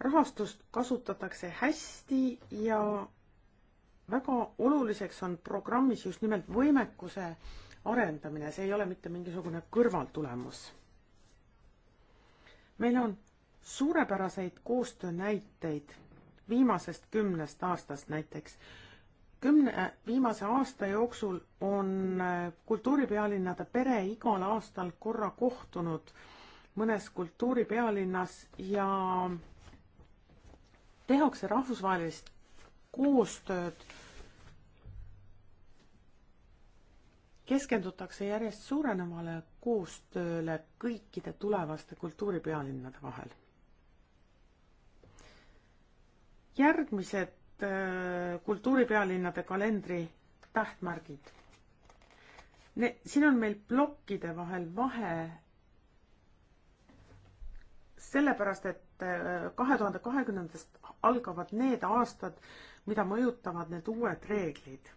rahastust kasutatakse hästi ja väga oluliseks on programmis just nimelt võimekuse arendamine, see ei ole mitte mingisugune kõrvaltulemus. meil on suurepäraseid koostöönäiteid viimasest kümnest aastast näiteks. kümne viimase aasta jooksul on äh, kultuuripealinnade pere igal aastal korra kohtunud mõnes kultuuripealinnas ja tehakse rahvusvahelist koostööd, keskendutakse järjest suurenevale koostööle kõikide tulevaste kultuuripealinnade vahel järgmised äh, kultuuripealinnade kalendri tähtmärgid. siin on meil plokkide vahel vahe sellepärast, et äh, kahe tuhande kahekümnendast algavad need aastad, mida mõjutavad need uued reeglid.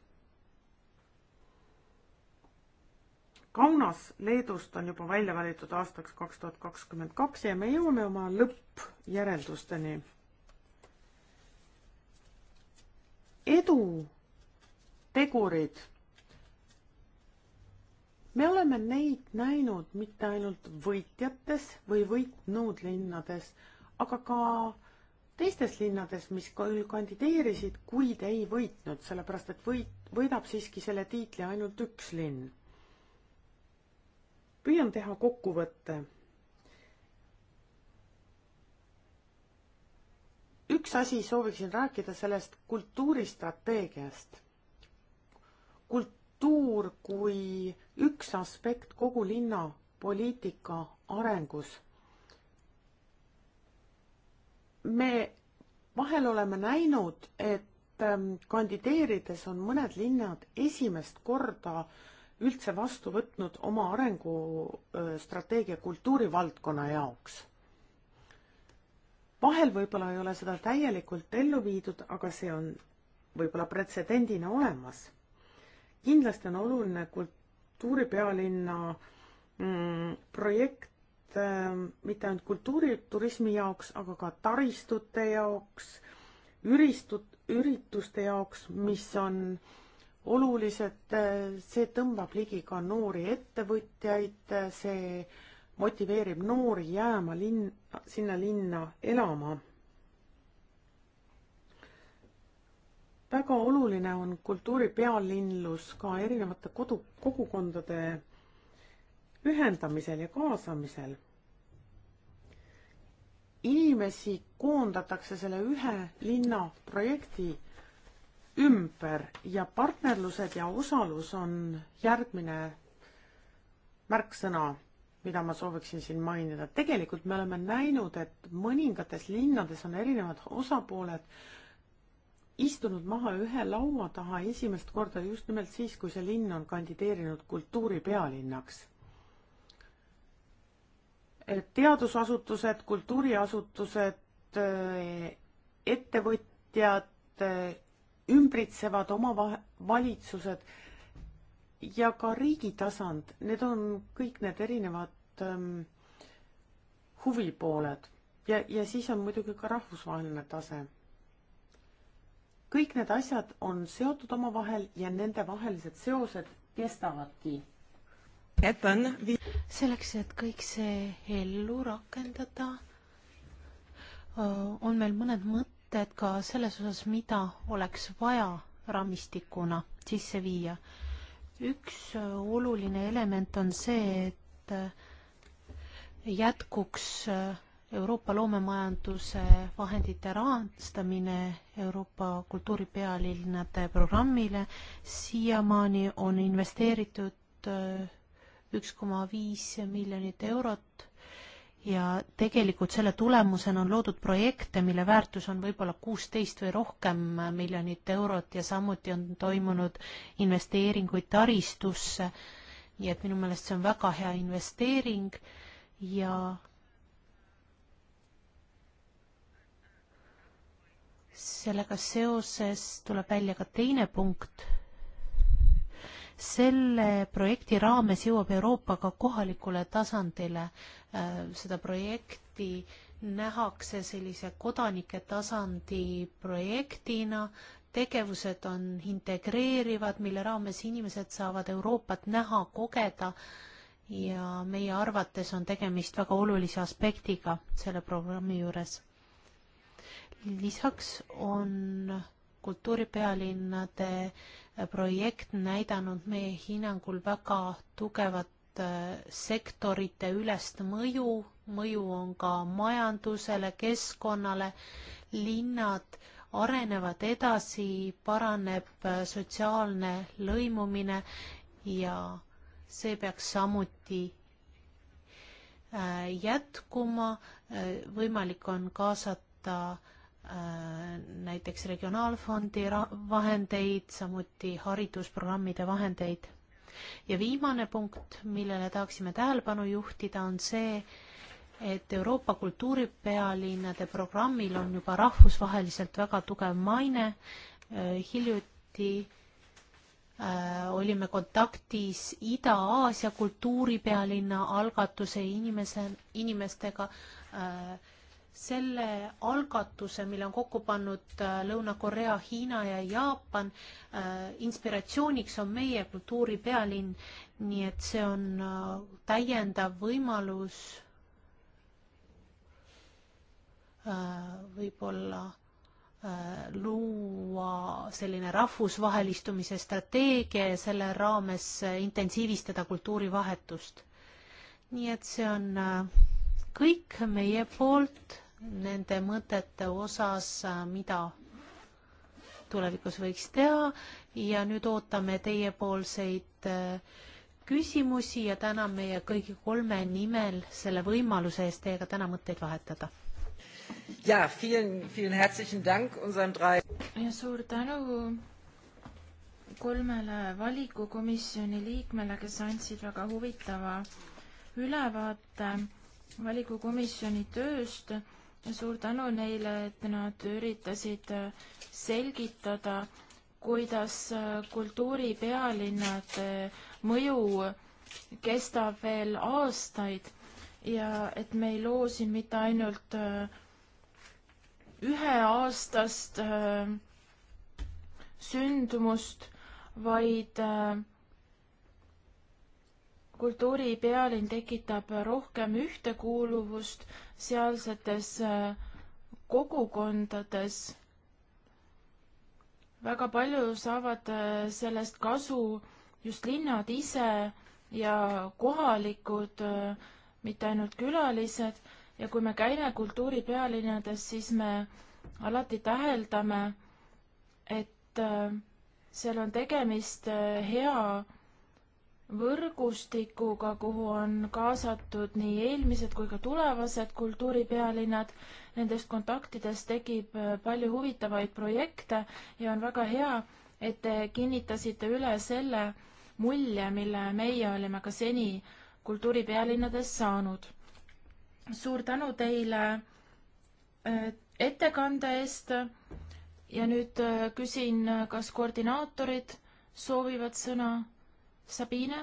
Kaunas Leedust on juba välja valitud aastaks kaks tuhat kakskümmend kaks ja me jõuame oma lõppjäreldusteni edu tegurid. me oleme neid näinud mitte ainult võitjates või võitnud linnades, aga ka teistes linnades, mis küll kandideerisid, kuid ei võitnud, sellepärast et võit, võidab siiski selle tiitli ainult üks linn. püüan teha kokkuvõtte üks asi sooviksin rääkida sellest kultuuristrateegiast. kultuur kui üks aspekt kogu linna poliitika arengus. me vahel oleme näinud, et ähm, kandideerides on mõned linnad esimest korda üldse vastu võtnud oma arengustrateegia äh, kultuurivaldkonna jaoks vahel võib-olla ei ole seda täielikult ellu viidud, aga see on võib-olla pretsedendina olemas. kindlasti on oluline kultuuripealinna mm, projekt äh, mitte ainult kultuuriturismi jaoks, aga ka taristute jaoks, üristud, ürituste jaoks, mis on olulised, see tõmbab ligi ka noori ettevõtjaid, see motiveerib noori jääma linn, sinna linna elama. väga oluline on kultuuri pealinlus ka erinevate kodu, kogukondade ühendamisel ja kaasamisel. inimesi koondatakse selle ühe linna projekti ümber ja partnerlused ja osalus on järgmine märksõna mida ma sooviksin siin mainida. tegelikult me oleme näinud, et mõningates linnades on erinevad osapooled istunud maha ühe laua taha esimest korda just nimelt siis, kui see linn on kandideerinud kultuuri pealinnaks. teadusasutused, kultuuriasutused, ettevõtjad, ümbritsevad omavalitsused ja ka riigi tasand, need on kõik need erinevad ähm, huvipooled ja, ja siis on muidugi ka rahvusvaheline tase. kõik need asjad on seotud omavahel ja nende vahelised seosed kestavadki. selleks, et kõik see ellu rakendada, on meil mõned mõtted ka selles osas, mida oleks vaja raamistikuna sisse viia üks äh, oluline element on see, et äh, jätkuks äh, Euroopa loomemajanduse vahendite rahastamine Euroopa kultuuripealinnade programmile. siiamaani on investeeritud üks koma viis miljonit eurot ja tegelikult selle tulemusena on loodud projekte, mille väärtus on võib-olla kuusteist või rohkem miljonit eurot ja samuti on toimunud investeeringuid taristusse. nii et minu meelest see on väga hea investeering ja sellega seoses tuleb välja ka teine punkt selle projekti raames jõuab Euroopa ka kohalikule tasandile. Äh, seda projekti nähakse sellise kodanike tasandi projektina, tegevused on integreerivad, mille raames inimesed saavad Euroopat näha, kogeda ja meie arvates on tegemist väga olulise aspektiga selle programmi juures. lisaks on kultuuripealinnade äh, projekt näidanud meie hinnangul väga tugevat äh, sektorite ülest mõju, mõju on ka majandusele, keskkonnale, linnad arenevad edasi, paraneb äh, sotsiaalne lõimumine ja see peaks samuti äh, jätkuma, võimalik on kaasata Äh, näiteks regionaalfondi vahendeid, samuti haridusprogrammide vahendeid. ja viimane punkt, millele tahaksime tähelepanu juhtida, on see, et Euroopa kultuuripealinnade programmil on juba rahvusvaheliselt väga tugev maine. Äh, hiljuti äh, olime kontaktis Ida-Aasia kultuuripealinna algatuse inimese, inimestega äh, selle algatuse, mille on kokku pannud äh, Lõuna-Korea, Hiina ja Jaapan, äh, inspiratsiooniks on meie kultuuripealinn, nii et see on äh, täiendav võimalus võib-olla luua selline rahvusvahelistumise strateegia ja selle raames intensiivistada kultuurivahetust. nii et see on äh, kõik meie poolt nende mõtete osas, mida tulevikus võiks teha ja nüüd ootame teiepoolseid äh, küsimusi ja tänan meie kõigi kolme nimel selle võimaluse eest teiega täna mõtteid vahetada. ja, vielen, vielen herzlichen Dank unserem drei. ja suur tänu kolmele valikukomisjoni liikmele, kes andsid väga huvitava ülevaate valikukomisjoni tööst ja suur tänu neile, et nad üritasid äh, selgitada, kuidas äh, kultuuripealinnade äh, mõju kestab veel aastaid ja et me ei loo siin mitte ainult üheaastast sündmust, vaid äh, kultuuripealinn tekitab rohkem ühtekuuluvust sealsetes äh, kogukondades. väga palju saavad äh, sellest kasu just linnad ise ja kohalikud, äh, mitte ainult külalised ja kui me käime kultuuripealinnades, siis me alati täheldame, et seal on tegemist hea võrgustikuga, kuhu on kaasatud nii eelmised kui ka tulevased kultuuripealinnad. Nendest kontaktidest tekib äh, palju huvitavaid projekte ja on väga hea, et te kinnitasite üle selle mulje, mille meie olime ka seni kultuuripealinnades saanud. suur tänu teile äh, ettekande eest ja nüüd äh, küsin, kas koordinaatorid soovivad sõna? Sabine,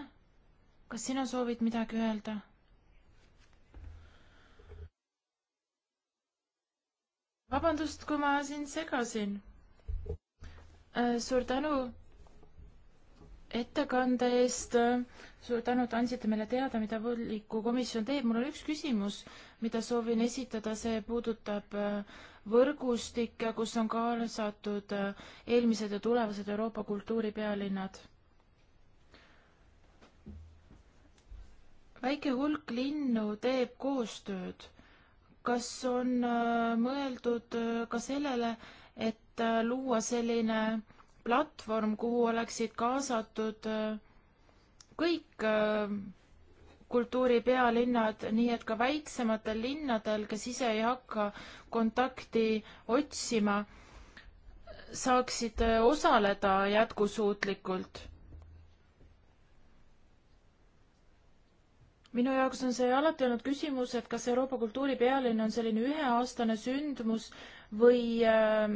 kas sina soovid midagi öelda? vabandust, kui ma sind segasin. Äh, suur tänu ettekande eest, suur tänu, et andsite meile teada, mida volikogu komisjon teeb. mul on üks küsimus, mida soovin esitada, see puudutab äh, võrgustikke, kus on kaasatud äh, eelmised ja tulevased Euroopa kultuuripealinnad väike hulk linnu teeb koostööd. kas on äh, mõeldud äh, ka sellele, et äh, luua selline platvorm, kuhu oleksid kaasatud kõik kultuuri pealinnad, nii et ka väiksematel linnadel, kes ise ei hakka kontakti otsima, saaksid osaleda jätkusuutlikult minu jaoks on see alati olnud küsimus, et kas Euroopa kultuuripealinn on selline üheaastane sündmus või ähm,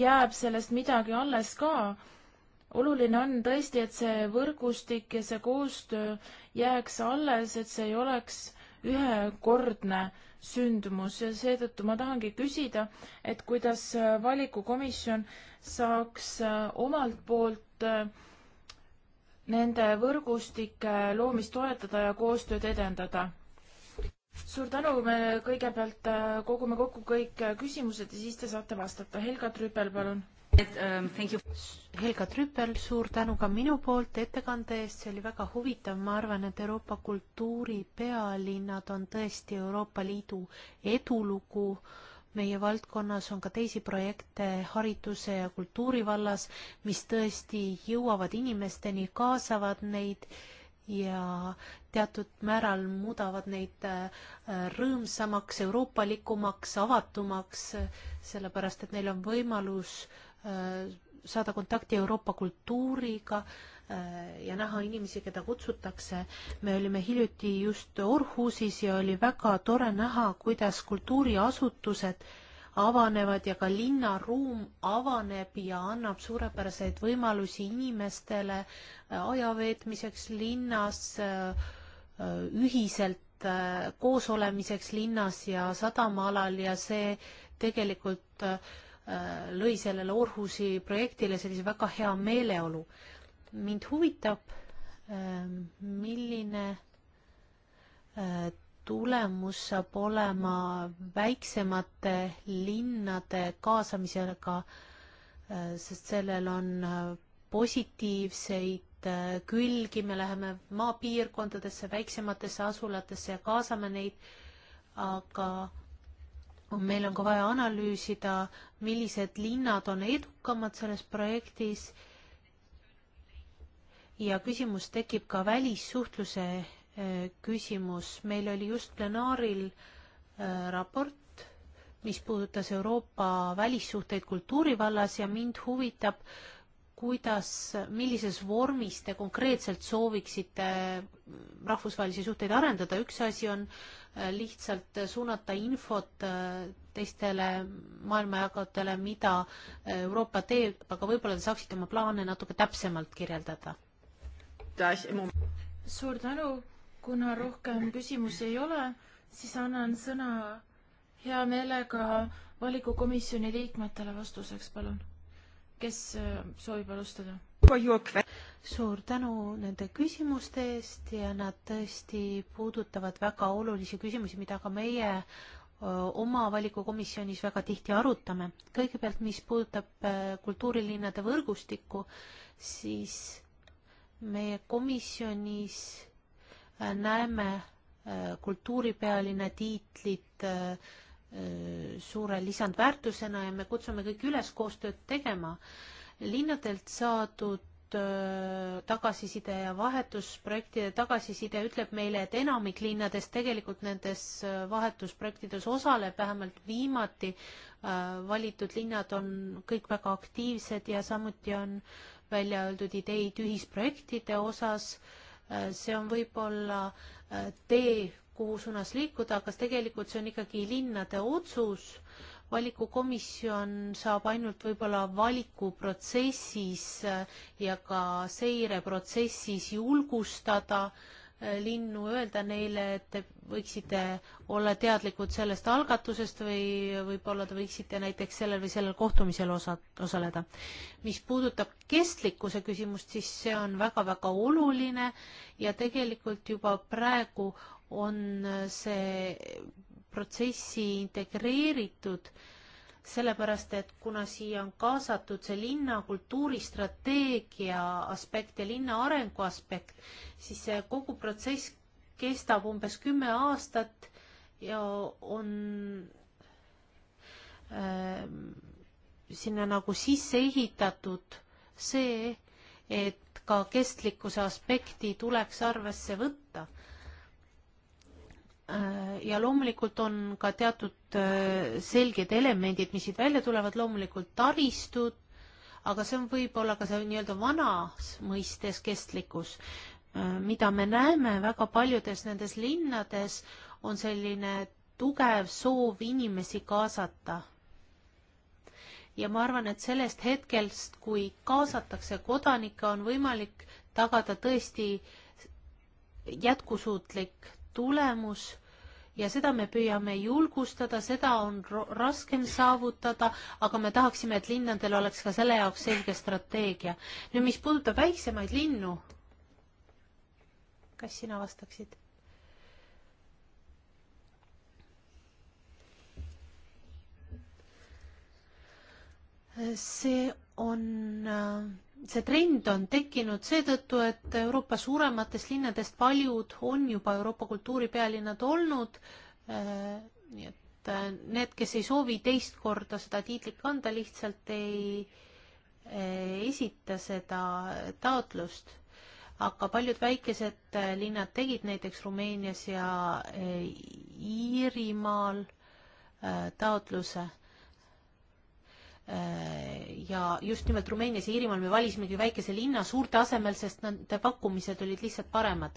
jääb sellest midagi alles ka. oluline on tõesti, et see võrgustik ja see koostöö jääks alles, et see ei oleks ühekordne sündmus ja seetõttu ma tahangi küsida, et kuidas äh, valikukomisjon saaks äh, omalt poolt äh, nende võrgustike loomist toetada ja koostööd edendada. suur tänu, me kõigepealt äh, kogume kokku kõik äh, küsimused ja siis te saate vastata. Helga Trüpel, palun. Ähm, Helga Trüpel, suur tänu ka minu poolt ettekande eest, see oli väga huvitav, ma arvan, et Euroopa kultuuripealinnad on tõesti Euroopa Liidu edulugu äh, meie valdkonnas on ka teisi projekte hariduse ja kultuuri vallas, mis tõesti jõuavad inimesteni, kaasavad neid ja teatud määral muudavad neid äh, rõõmsamaks, euroopalikumaks, avatumaks, sellepärast et neil on võimalus äh, saada kontakti Euroopa kultuuriga äh, Äh, ja näha inimesi, keda kutsutakse. me olime hiljuti just Orhusis ja oli väga tore näha, kuidas kultuuriasutused avanevad ja ka linnaruum avaneb ja annab suurepäraseid võimalusi inimestele äh, aja veetmiseks linnas, äh, ühiselt koos olemiseks linnas ja sadamaalal ja see tegelikult lõi sellele Orhusi projektile sellise väga hea meeleolu mind huvitab, ähm, milline äh, tulemus saab olema väiksemate linnade kaasamisega, äh, sest sellel on äh, positiivseid külgi, me läheme maapiirkondadesse, väiksematesse asulatesse ja kaasame neid, aga meil on ka vaja analüüsida, millised linnad on edukamad selles projektis äh, ja küsimus tekib ka välissuhtluse äh, küsimus. meil oli just plenaaril äh, raport, mis puudutas Euroopa välissuhteid kultuurivallas ja mind huvitab, kuidas, millises vormis te konkreetselt sooviksite äh, rahvusvahelisi suhteid arendada, üks asi on lihtsalt suunata infot teistele maailmajagadele, mida Euroopa teeb, aga võib-olla te saaksite oma plaane natuke täpsemalt kirjeldada suur tänu, kuna rohkem küsimusi ei ole, siis annan sõna hea meelega valikukomisjoni liikmetele vastuseks, palun. kes äh, soovib alustada? suur tänu nende küsimuste eest ja nad tõesti puudutavad väga olulisi küsimusi, mida ka meie äh, oma valikukomisjonis väga tihti arutame. kõigepealt, mis puudutab äh, kultuurilinnade võrgustikku, siis meie komisjonis äh, näeme äh, kultuuripealinna tiitlit äh, suure lisandväärtusena ja me kutsume kõiki üles koostööd tegema. linnadelt saadud tagasiside ja vahetusprojektide tagasiside ütleb meile, et enamik linnadest tegelikult nendes vahetusprojektides osaleb, vähemalt viimati valitud linnad on kõik väga aktiivsed ja samuti on äh, välja öeldud ideid ühisprojektide osas, äh, see on võib-olla äh, tee, kuhu suunas liikuda, kas tegelikult see on ikkagi linnade otsus, valikukomisjon saab ainult võib-olla valikuprotsessis äh, ja ka seireprotsessis julgustada äh, linnu, öelda neile, et te võiksite olla teadlikud sellest algatusest või võib-olla te võiksite näiteks sellel või sellel kohtumisel osa, osaleda. mis puudutab kestlikkuse küsimust, siis see on väga-väga oluline ja tegelikult juba praegu on see protsessi integreeritud äh, sellepärast et kuna siia on kaasatud see linna kultuuristrateegia aspekt ja linna arengu aspekt, siis see kogu protsess kestab umbes kümme aastat ja on äh, sinna nagu sisse ehitatud see, et ka kestlikkuse aspekti tuleks arvesse võtta Äh, ja loomulikult on ka teatud äh, selged elemendid, mis siit välja tulevad, loomulikult taristud, aga see on võib-olla ka see nii-öelda vanas mõistes kestlikkus, äh, mida me näeme väga paljudes nendes linnades, on selline tugev soov inimesi kaasata. ja ma arvan, et sellest hetkest, kui kaasatakse kodanikke, on võimalik tagada tõesti jätkusuutlik tulemus ja seda me püüame julgustada, seda on raskem saavutada, aga me tahaksime, et linnadel oleks ka selle jaoks selge strateegia. nüüd, mis puudutab väiksemaid linnu, kas sina vastaksid? see on äh, see trend on tekkinud seetõttu, et Euroopa suurematest linnadest paljud on juba Euroopa kultuuripealinnad olnud, äh, nii et äh, need, kes ei soovi teist korda seda tiitlit kanda, lihtsalt ei äh, esita seda taotlust. aga paljud väikesed linnad tegid näiteks Rumeenias ja Iirimaal taotluse Äh, ja just nimelt Rumeenias ja Iirimaal me valisimegi väikese linna suurte asemel, sest nende pakkumised olid lihtsalt paremad.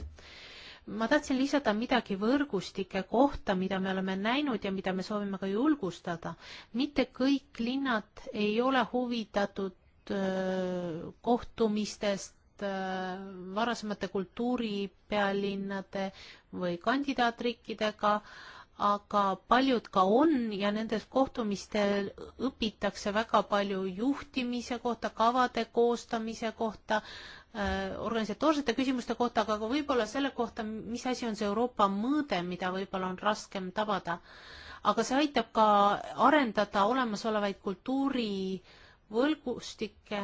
ma tahtsin lisada midagi võrgustike kohta, mida me oleme näinud ja mida me soovime ka julgustada. mitte kõik linnad ei ole huvitatud äh, kohtumistest äh, varasemate kultuuripealinnade või kandidaatriikidega, aga paljud ka on ja nendel kohtumistel õpitakse väga palju juhtimise kohta, kavade koostamise kohta, äh, organisatoorsete küsimuste kohta, aga ka võib-olla selle kohta, mis asi on see Euroopa mõõde, mida võib-olla on raskem tabada. aga see aitab ka arendada olemasolevaid kultuurivõlgustikke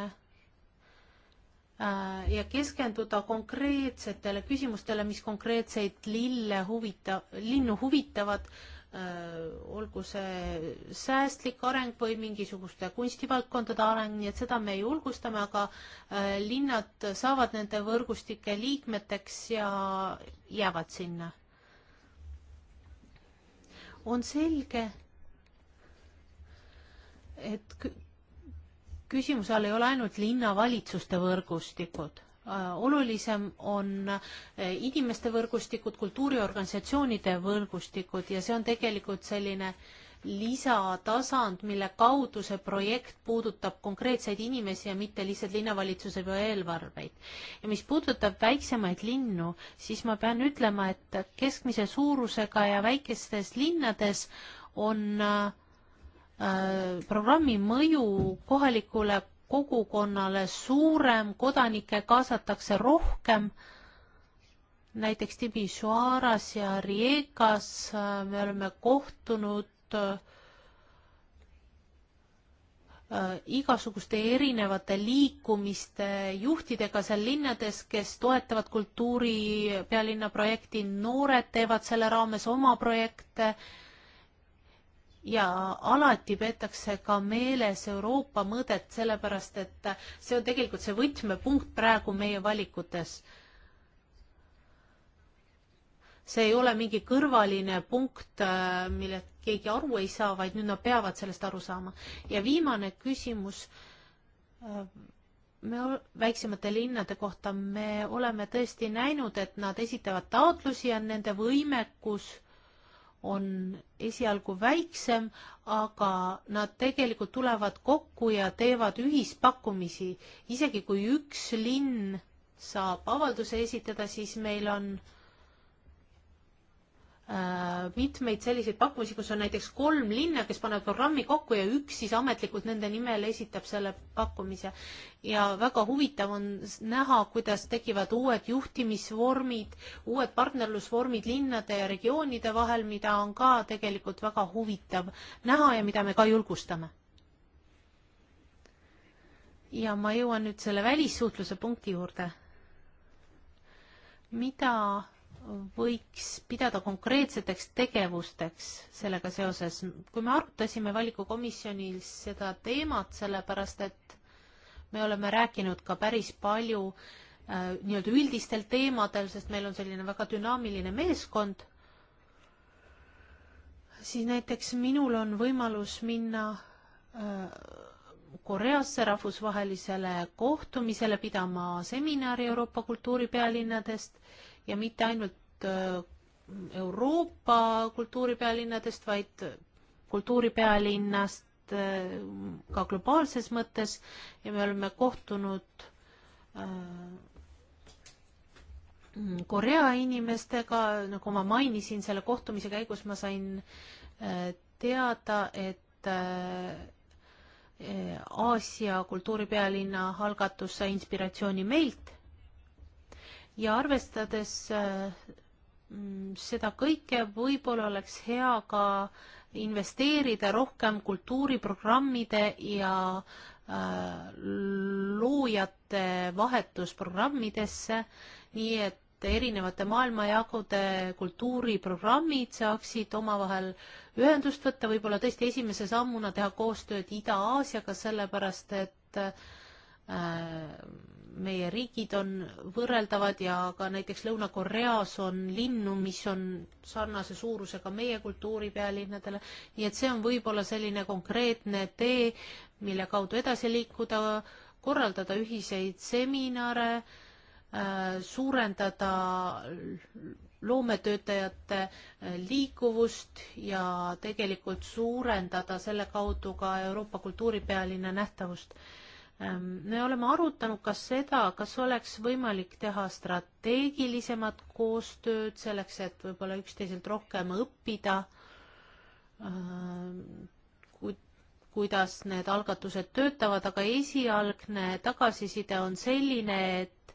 Äh, ja keskenduda konkreetsetele küsimustele, mis konkreetseid lille huvita-, linnu huvitavad, äh, olgu see säästlik areng või mingisuguste kunstivaldkondade areng, nii et seda me julgustame, aga äh, linnad saavad nende võrgustike liikmeteks ja jäävad sinna. on selge et, et küsimuse all ei ole ainult linnavalitsuste võrgustikud, äh, olulisem on äh, inimeste võrgustikud, kultuuriorganisatsioonide võrgustikud ja see on tegelikult selline lisatasand, mille kaudu see projekt puudutab konkreetseid inimesi ja mitte lihtsalt linnavalitsuse või eelarveid. ja mis puudutab väiksemaid linnu, siis ma pean ütlema, et keskmise suurusega ja väikestes linnades on äh, Äh, programmi mõju kohalikule kogukonnale suurem, kodanikke kaasatakse rohkem. näiteks Timisoaras ja Riekas äh, me oleme kohtunud äh, igasuguste erinevate liikumiste juhtidega seal linnades, kes toetavad kultuuri pealinna projekti, noored teevad selle raames oma projekte ja alati peetakse ka meeles Euroopa mõõdet, sellepärast et see on tegelikult see võtmepunkt praegu meie valikutes. see ei ole mingi kõrvaline punkt, äh, millest keegi aru ei saa, vaid nüüd nad peavad sellest aru saama. ja viimane küsimus äh, me väiksemate linnade kohta me oleme tõesti näinud, et nad esitavad taotlusi ja nende võimekus on esialgu väiksem, aga nad tegelikult tulevad kokku ja teevad ühispakkumisi. isegi kui üks linn saab avalduse esitada, siis meil on Äh, mitmeid selliseid pakkumisi, kus on näiteks kolm linna, kes panevad programmi kokku ja üks siis ametlikult nende nimel esitab selle pakkumise. ja väga huvitav on näha, kuidas tekivad uued juhtimisvormid, uued partnerlusvormid linnade ja regioonide vahel, mida on ka tegelikult väga huvitav näha ja mida me ka julgustame. ja ma jõuan nüüd selle välissuhtluse punkti juurde mida võiks pidada konkreetseteks tegevusteks sellega seoses. kui me arutasime valikukomisjonis seda teemat, sellepärast et me oleme rääkinud ka päris palju äh, nii-öelda üldistel teemadel, sest meil on selline väga dünaamiline meeskond, siis näiteks minul on võimalus minna äh, Koreasse rahvusvahelisele kohtumisele pidama seminari Euroopa kultuuripealinnadest ja mitte ainult äh, Euroopa kultuuripealinnadest, vaid kultuuripealinnast äh, ka globaalses mõttes ja me oleme kohtunud äh, Korea inimestega, nagu ma mainisin, selle kohtumise käigus ma sain teada, et Aasia kultuuripealinna algatus sai inspiratsiooni meilt ja arvestades äh, mm, seda kõike, võib-olla oleks hea ka investeerida rohkem kultuuriprogrammide ja äh, loojate vahetusprogrammidesse, nii et erinevate maailmajagude kultuuriprogrammid saaksid omavahel ühendust võtta, võib-olla tõesti esimese sammuna teha koostööd Ida-Aasiaga, sellepärast et äh, Äh, meie riigid on võrreldavad ja ka näiteks Lõuna-Koreas on linnu, mis on sarnase suurusega meie kultuuripealinnadele, nii et see on võib-olla selline konkreetne tee, mille kaudu edasi liikuda, korraldada ühiseid seminare, äh, suurendada loometöötajate äh, liikuvust ja tegelikult suurendada selle kaudu ka Euroopa kultuuripealinna nähtavust Ehm, me oleme arutanud ka seda, kas oleks võimalik teha strateegilisemat koostööd selleks, et võib-olla üksteiselt rohkem õppida, ehm, kuidas need algatused töötavad, aga esialgne tagasiside on selline, et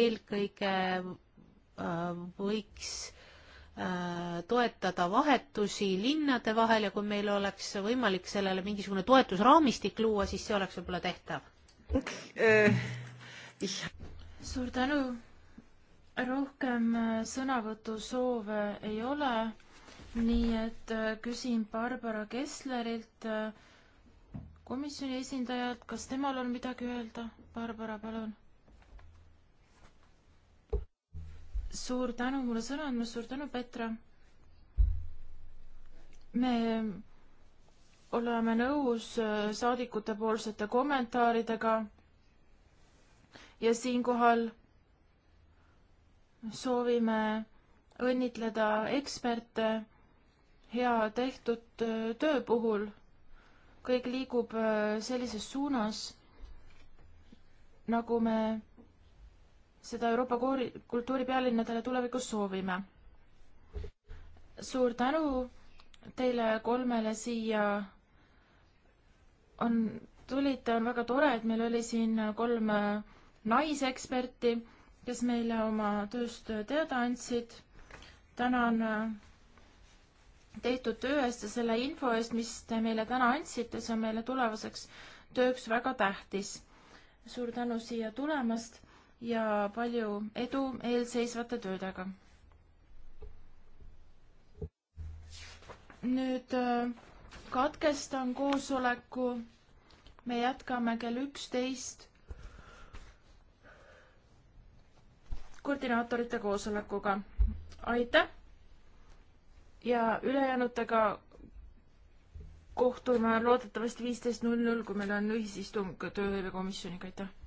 eelkõige ehm, võiks toetada vahetusi linnade vahel ja kui meil oleks võimalik sellele mingisugune toetusraamistik luua, siis see oleks võib-olla tehtav Äh, suur tänu. rohkem äh, sõnavõtusoove ei ole, nii et äh, küsin Barbara Kesslerilt, komisjoni esindajalt, kas temal on midagi öelda? Barbara, palun suur tänu mulle sõna andmast, suur tänu, Petra. me oleme nõus äh, saadikutepoolsete kommentaaridega ja siinkohal soovime õnnitleda eksperte hea tehtud äh, töö puhul. kõik liigub äh, sellises suunas, nagu me seda Euroopa koori, kultuuripealinnadele tulevikus soovime. suur tänu teile kolmele siia on, tulite, on väga tore, et meil oli siin kolm äh, naiseksperti, kes meile oma tööst teada andsid. tänan äh, tehtud töö eest ja selle info eest, mis te meile täna andsite, see on meile tulevaseks tööks väga tähtis. suur tänu siia tulemast ja palju edu eelseisvate töödega. nüüd äh, katkestan koosoleku. me jätkame kell üksteist koordinaatorite koosolekuga. aitäh ja ülejäänutega kohtume loodetavasti viisteist null null, kui meil on ühisistung tööhõivekomisjoniga, aitäh!